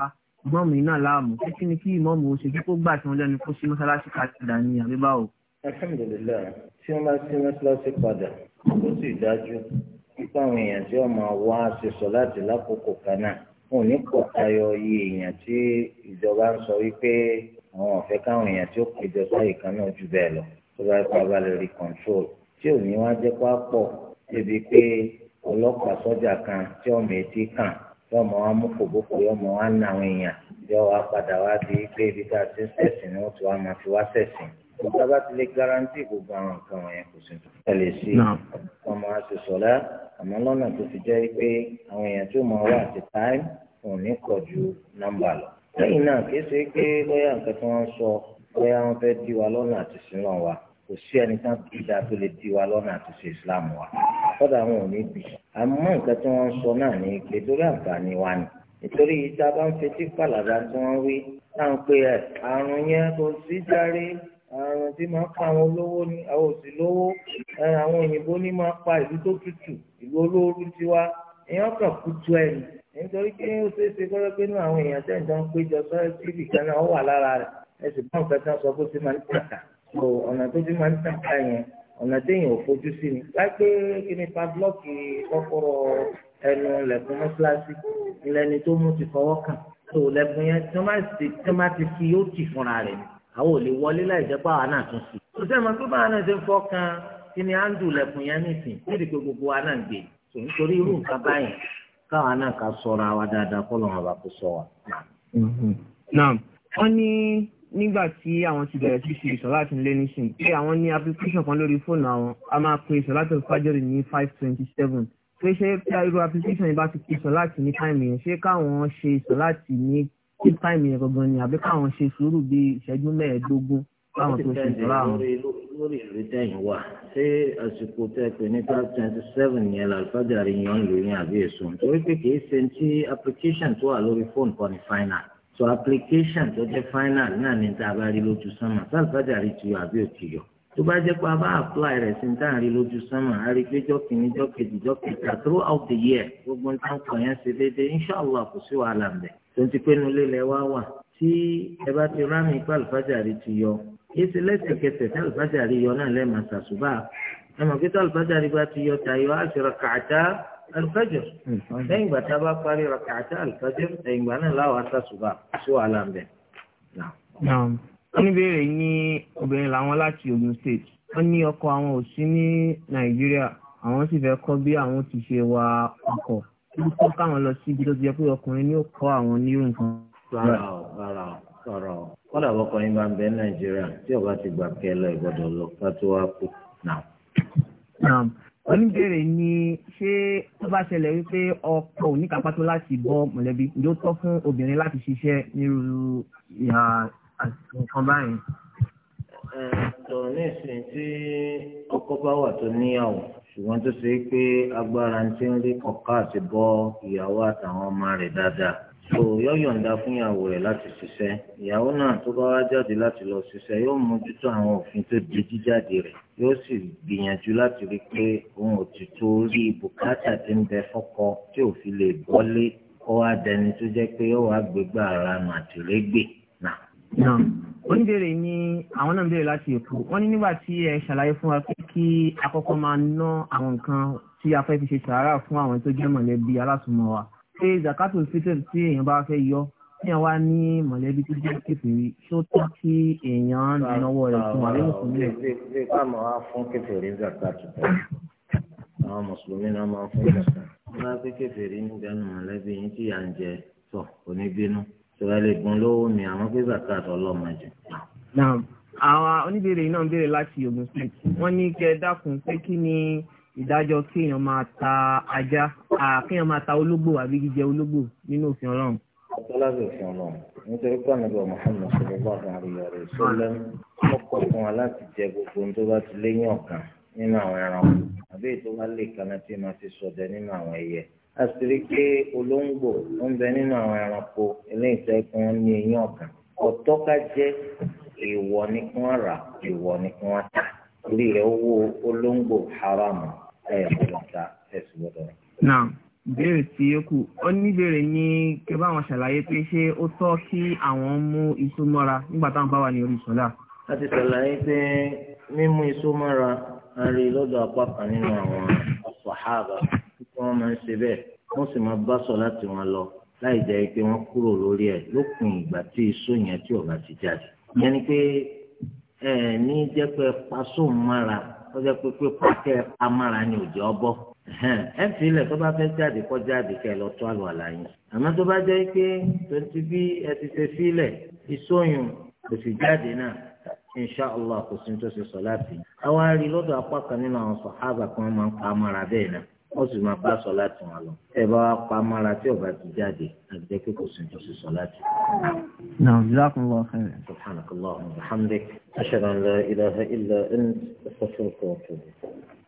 ìmọ̀mù iná láàmú pé kí ni kí ìmọ̀mù ó ṣe kí kó gbà tí wọ́n lẹ́nu kó sí mọ́sálásí padà ní àbíbáwò. alhamdulilayi tí wọ́n bá sí mọ́sálásí padà ó sì dájú kíkọ́ àwọn èèyàn tí wọ́n máa wá ṣe sọ láti lákòókò kan náà wọn ò ní pọ̀ tayọ iye èèyàn tí ìjọba ń sọ wípé àwọn ọ̀fẹ́ káwọn èèyàn tí ó péjọ sáyè kan náà jù bẹ́ẹ̀ lọ tó bá pa balẹ̀ rí control tí ò ní wá jẹ́ pá pọ̀ débi pé ọlọ́pàá sọ́jà kan tí ọmọ etí kàn tí ọmọ wa mú kòbókò yọmọ wa ń na àwọn èèyàn yọ wá padà wá di pé ibi tá a ti ń ṣẹ̀sìn ni wọ́n ti wá máa fi wá ṣẹ̀sìn ìjọba ti lè garanti gbogbo àwọn nǹkan wọ̀nyẹn kò sí ẹ lè sí wọn máa ṣe sọlá àmọ́ lọ́nà tó fi jẹ́ pé àwọn èèyàn tó máa wà àti táìm òun ní kọ̀ ju nọ́mbà lọ. lẹ́yìn náà kì í ṣe pé lọ́yà nǹkan tí wọ́n sọ lọ́yà wọn fẹ́ dí wa lọ́nà àti sílọ̀ wa kò sí ẹni tán kí ìdá tó lè dí wa lọ́nà àti ṣe islam wa kọ́dà wọn ò ní bì. àmọ́ nǹkan tí wọ́n sọ náà ní pé torí àǹfààní wa ni nítorí tá a bá ń fetí pàlàdà tí wọ́n wí táwọn pé àrùn yẹn kò sí járe àrùn tí máa pa àwọn olówó ní àwọn òsì lówó àwọn òyìnbó ní máa pa ìlú tó tutù ìlú olóoru tiwa èèyàn kàn kú tu ẹni nítorí pé ó ṣeé ṣe kọ́lọ́ pé nínú àwọn èèyàn tẹ̀ ń jọ ń péjọ sọ́ọ́ tíìbì kan náà ó wà lára rẹ̀ ẹ sì bá nǹkan kan sọ bó ti máa ń tàkà so ọ̀nà tó ti máa ń tàkà yẹn ọ̀nà téèyàn ò fojú sí ni láìpẹ́ kí ni pavlọ́ọ̀kì kọ́kọ́rọ́ ẹnu lẹ̀kùn mọ́ṣáláṣí ilẹ̀ ni tó mú ti fọwọ́ kàn so lẹ́kùn yẹn tí wọ́n ti fi yóò tì fúnra rẹ̀ ni àwọn ò lè wọlé láì jẹ́ pé àwa náà tún sí. òṣèlú máa tó báwa náà ṣe fọ́kàn kí ni áńdù lẹ̀kùn yẹn nìsín nídìí pé gbogbo wa náà gbé nítorí irú nǹkan báyìí káwa náà ká sọra wa dáadáa kọ́ lọ́wọ́ bá kó sọ wa. náà wọ́n ní nígbà tí àwọn ti bẹ̀rẹ̀ sí ṣe ìsọ̀ láti lé nísìn pé àwọn ní application kan lórí fóònù àwọn a máa pe ìsọ̀ láti fájọ́rì ní five twenty seven pé ṣé irú application yìí bá ti pe ìsọ̀ láti ní time yẹn ṣé káwọn ṣe ìsọ̀ láti ní kí táìmì yẹn gangan ni àbí káwọn ṣe sùúrù bí ìṣẹ́jú mẹ́ẹ̀ẹ́dógún káwọn tó ṣe ìtura àwọn. lórí ìlú tẹ̀yìn wà ṣé àsìkò tẹ́ pé ní twelve twenty seven yẹn làlùfáàjà rí yan lò ní àbí èso nítorí pé kì í ṣe ti application tó wà lórí fóònù kan ní final so application tó jẹ́ final náà ní tá a bá rí lójú sánmà sálùfáàjà rí ti yọ àbí òkè yọ tó bá jẹ́ pé a bá apply rẹ̀ sí níta àrí lójú sánmà a rí pé jọ́ kìíní jọ́ kejì jọ́ kẹta throughout the year gbogbo nǹkan kan yẹn ṣe déédéé inshàlá kò sí wàhálà ń bẹ̀. tó ń ti pé nulẹ̀ lẹ wá wà tí ẹ bá ti rámì ipá àlùfájàrí ti yọ èsì lẹ́sẹ̀kẹsẹ̀ tí àlùfájàrí yọ náà lẹ́ẹ̀ma ṣàṣùbà ẹ mọ̀ pé tí àlùfájàrí bá ti yọ tayọ àṣírà kàtà àlùfájàrí lẹ́yìn ìgbà tá a bá parí rà kàtà àlùfájàrí lẹ́yìn ìgbà náà láwọn aṣàṣùbà sí wàhálà ń bẹ̀ oníbèrè ní obìnrin làwọn láti Ogun State wọ́n ní ọkọ àwọn ò sí ní Nàìjíríà àwọn sì fẹ́ kọ́ bí àwọn ti ṣe wa ọkọ̀ ibi tó káwọn lọ sí ibi tó ti jẹ́ pé ọkùnrin ni ó kọ́ àwọn ní nǹkan. rárá o rárá o rárá o kọ́dà ọkùnrin máa ń bẹ Nàìjíríà tí ọba ti gbà kẹ́ lọ ìgbọ́dọ̀ lọ ká tó wá kú náà. oníbèrè ni ṣé tó bá ṣẹlẹ̀ wípé ọkọ ò ní kápá tó láti bọ́ mọ̀lẹ́bí ǹjẹ́ tọ́ fún obìnrin láti ṣiṣẹ́ nírú ìhà àti nǹkan báyìí. sọ̀rọ̀ ní ìsìn tí ọkọ bá wà tó níyàwó ṣùgbọ́n tó ṣe é pé agbára ń ti ń rí ọ̀ká àti bọ́ ìyàwó àtàwọn ọmọ rẹ̀ dáadáa so yóò yọ̀ǹda fún ìyàwó rẹ̀ láti ṣiṣẹ́ ìyàwó náà tó bá wá jáde láti lọ ṣiṣẹ́ yóò mójútó àwọn òfin tó di jíjáde rẹ̀ yóò sì gbìyànjú láti rí i pé òun ò ti tó rí bùkátà tí ń bẹ fọ́kọ tí ò fi lè bọ́lé kó wá dẹni tó jẹ́ pé ó wàá gbégbá ara nù àtìlẹ́gbẹ̀ẹ́ náà oníbèrè ni àwọn náà ń bèrè láti èkó wọ́n ní nígbà tí ẹ ṣàlàyé fún wa pé kí àkọ́kọ́ máa ná àwọn nǹkan tí a fẹ́ fi ṣe sàárà fún àwọn tó jẹ́ mọ̀lẹ́bí alásùnmọ̀ wa pé zakato fitr tí èèyàn bá fẹ́ yọ èèyàn wá ní mọ̀lẹ́bí tó jẹ́ kékeré ṣó tọ́ kí èèyàn náwó rẹ̀ fún wa lẹ́yìn fún ilẹ̀. ṣé ká mọ̀ á fún kékeré zakato àwọn mùsùlùmí náà máa fún zakato. wọ́n á pé kékeré nígbà mọ̀lẹ́bí yín tí sọ̀rọ̀ lè gun lówó mi àmọ́ pé zakat ọlọ́mọ jù. àwọn oníbèrè náà ń béèrè láti Ògùn state wọ́n ní kẹ́ dákun pé kí ni ìdájọ́ kéèyàn máa ta ajá kéèyàn máa ta ológbò àbí jíjẹ ológbò nínú òfin Ọlọ́run. ọ̀tọ́lábẹ̀ òfin Ọlọ́run nítorí pé ànábì Muhammad sallallahu alaihi wasallam wọ́n kọ́ fún wa láti jẹ gbogbo ohun tó bá ti léyìn ọ̀kan nínú àwọn ẹranko àbí èyí tó bá lè kaná tí ma ti sọdẹ nínú àwọn ẹyẹ asiri ke olóńgbò ń bẹ nínú àwọn ẹranko eléyìí tẹkùn ní eyín ọ̀gàn ọ̀tọ̀ ká jẹ́ èèwọ̀ ni kí wọ́n rà ni kí wọ́n orí rẹ̀ owó olóńgbò haramu ẹ̀ gbọ́dọ̀ ta ẹ̀sùn gbọ́dọ̀. náà ìbéèrè tí ó kù ó níbèrè ní kí bá ṣàlàyé pé ṣé ó tọ́ kí àwọn mú iṣu mọ́ra nígbà táwọn bá wà ní orí ìṣọ́lá. ṣàlàyé pé mímú iṣu mọ́ra a rí wọ́n máa ń ṣe bẹ́ẹ̀ wọ́n sì máa bá sọ láti wọn lọ láì jẹ́ pé wọ́n kúrò lórí ẹ̀ lópin ìgbà tí iṣó yẹn tí ọ̀gá ti jáde. ìyẹn ni pé ẹ ní jẹ́ pé pasóun mára ó jẹ́ pé pé pàtẹ́ amára ni òjò ọbọ̀ ẹ fi ilẹ̀ tó bá fẹ́ jáde kọ́ jáde kẹ́ ẹ lọ tó àlọ́ àlàyé àmọ́ tó bá jẹ́ pé tó bí ẹ ti ṣe sílẹ̀ iṣóyún kò sì jáde náà insha allah kò sí ní tó ṣe sọ láti. àwa rí lọ́dọ̀ apá kan nínú àwọn sàhábà kan máa ń pa amára bẹ́ẹ̀ náà. wọ́n sì máa bá sọ láti wọn lọ ẹ bá wa pa amára tí ọba ti jáde àti jẹ́ pé kò sí ìjọsìn sọ láti. náà jazakum allah khairan. subhanakallah wa bihamdik ashhadu an la ilaha illa anta astaghfiruka wa atubu.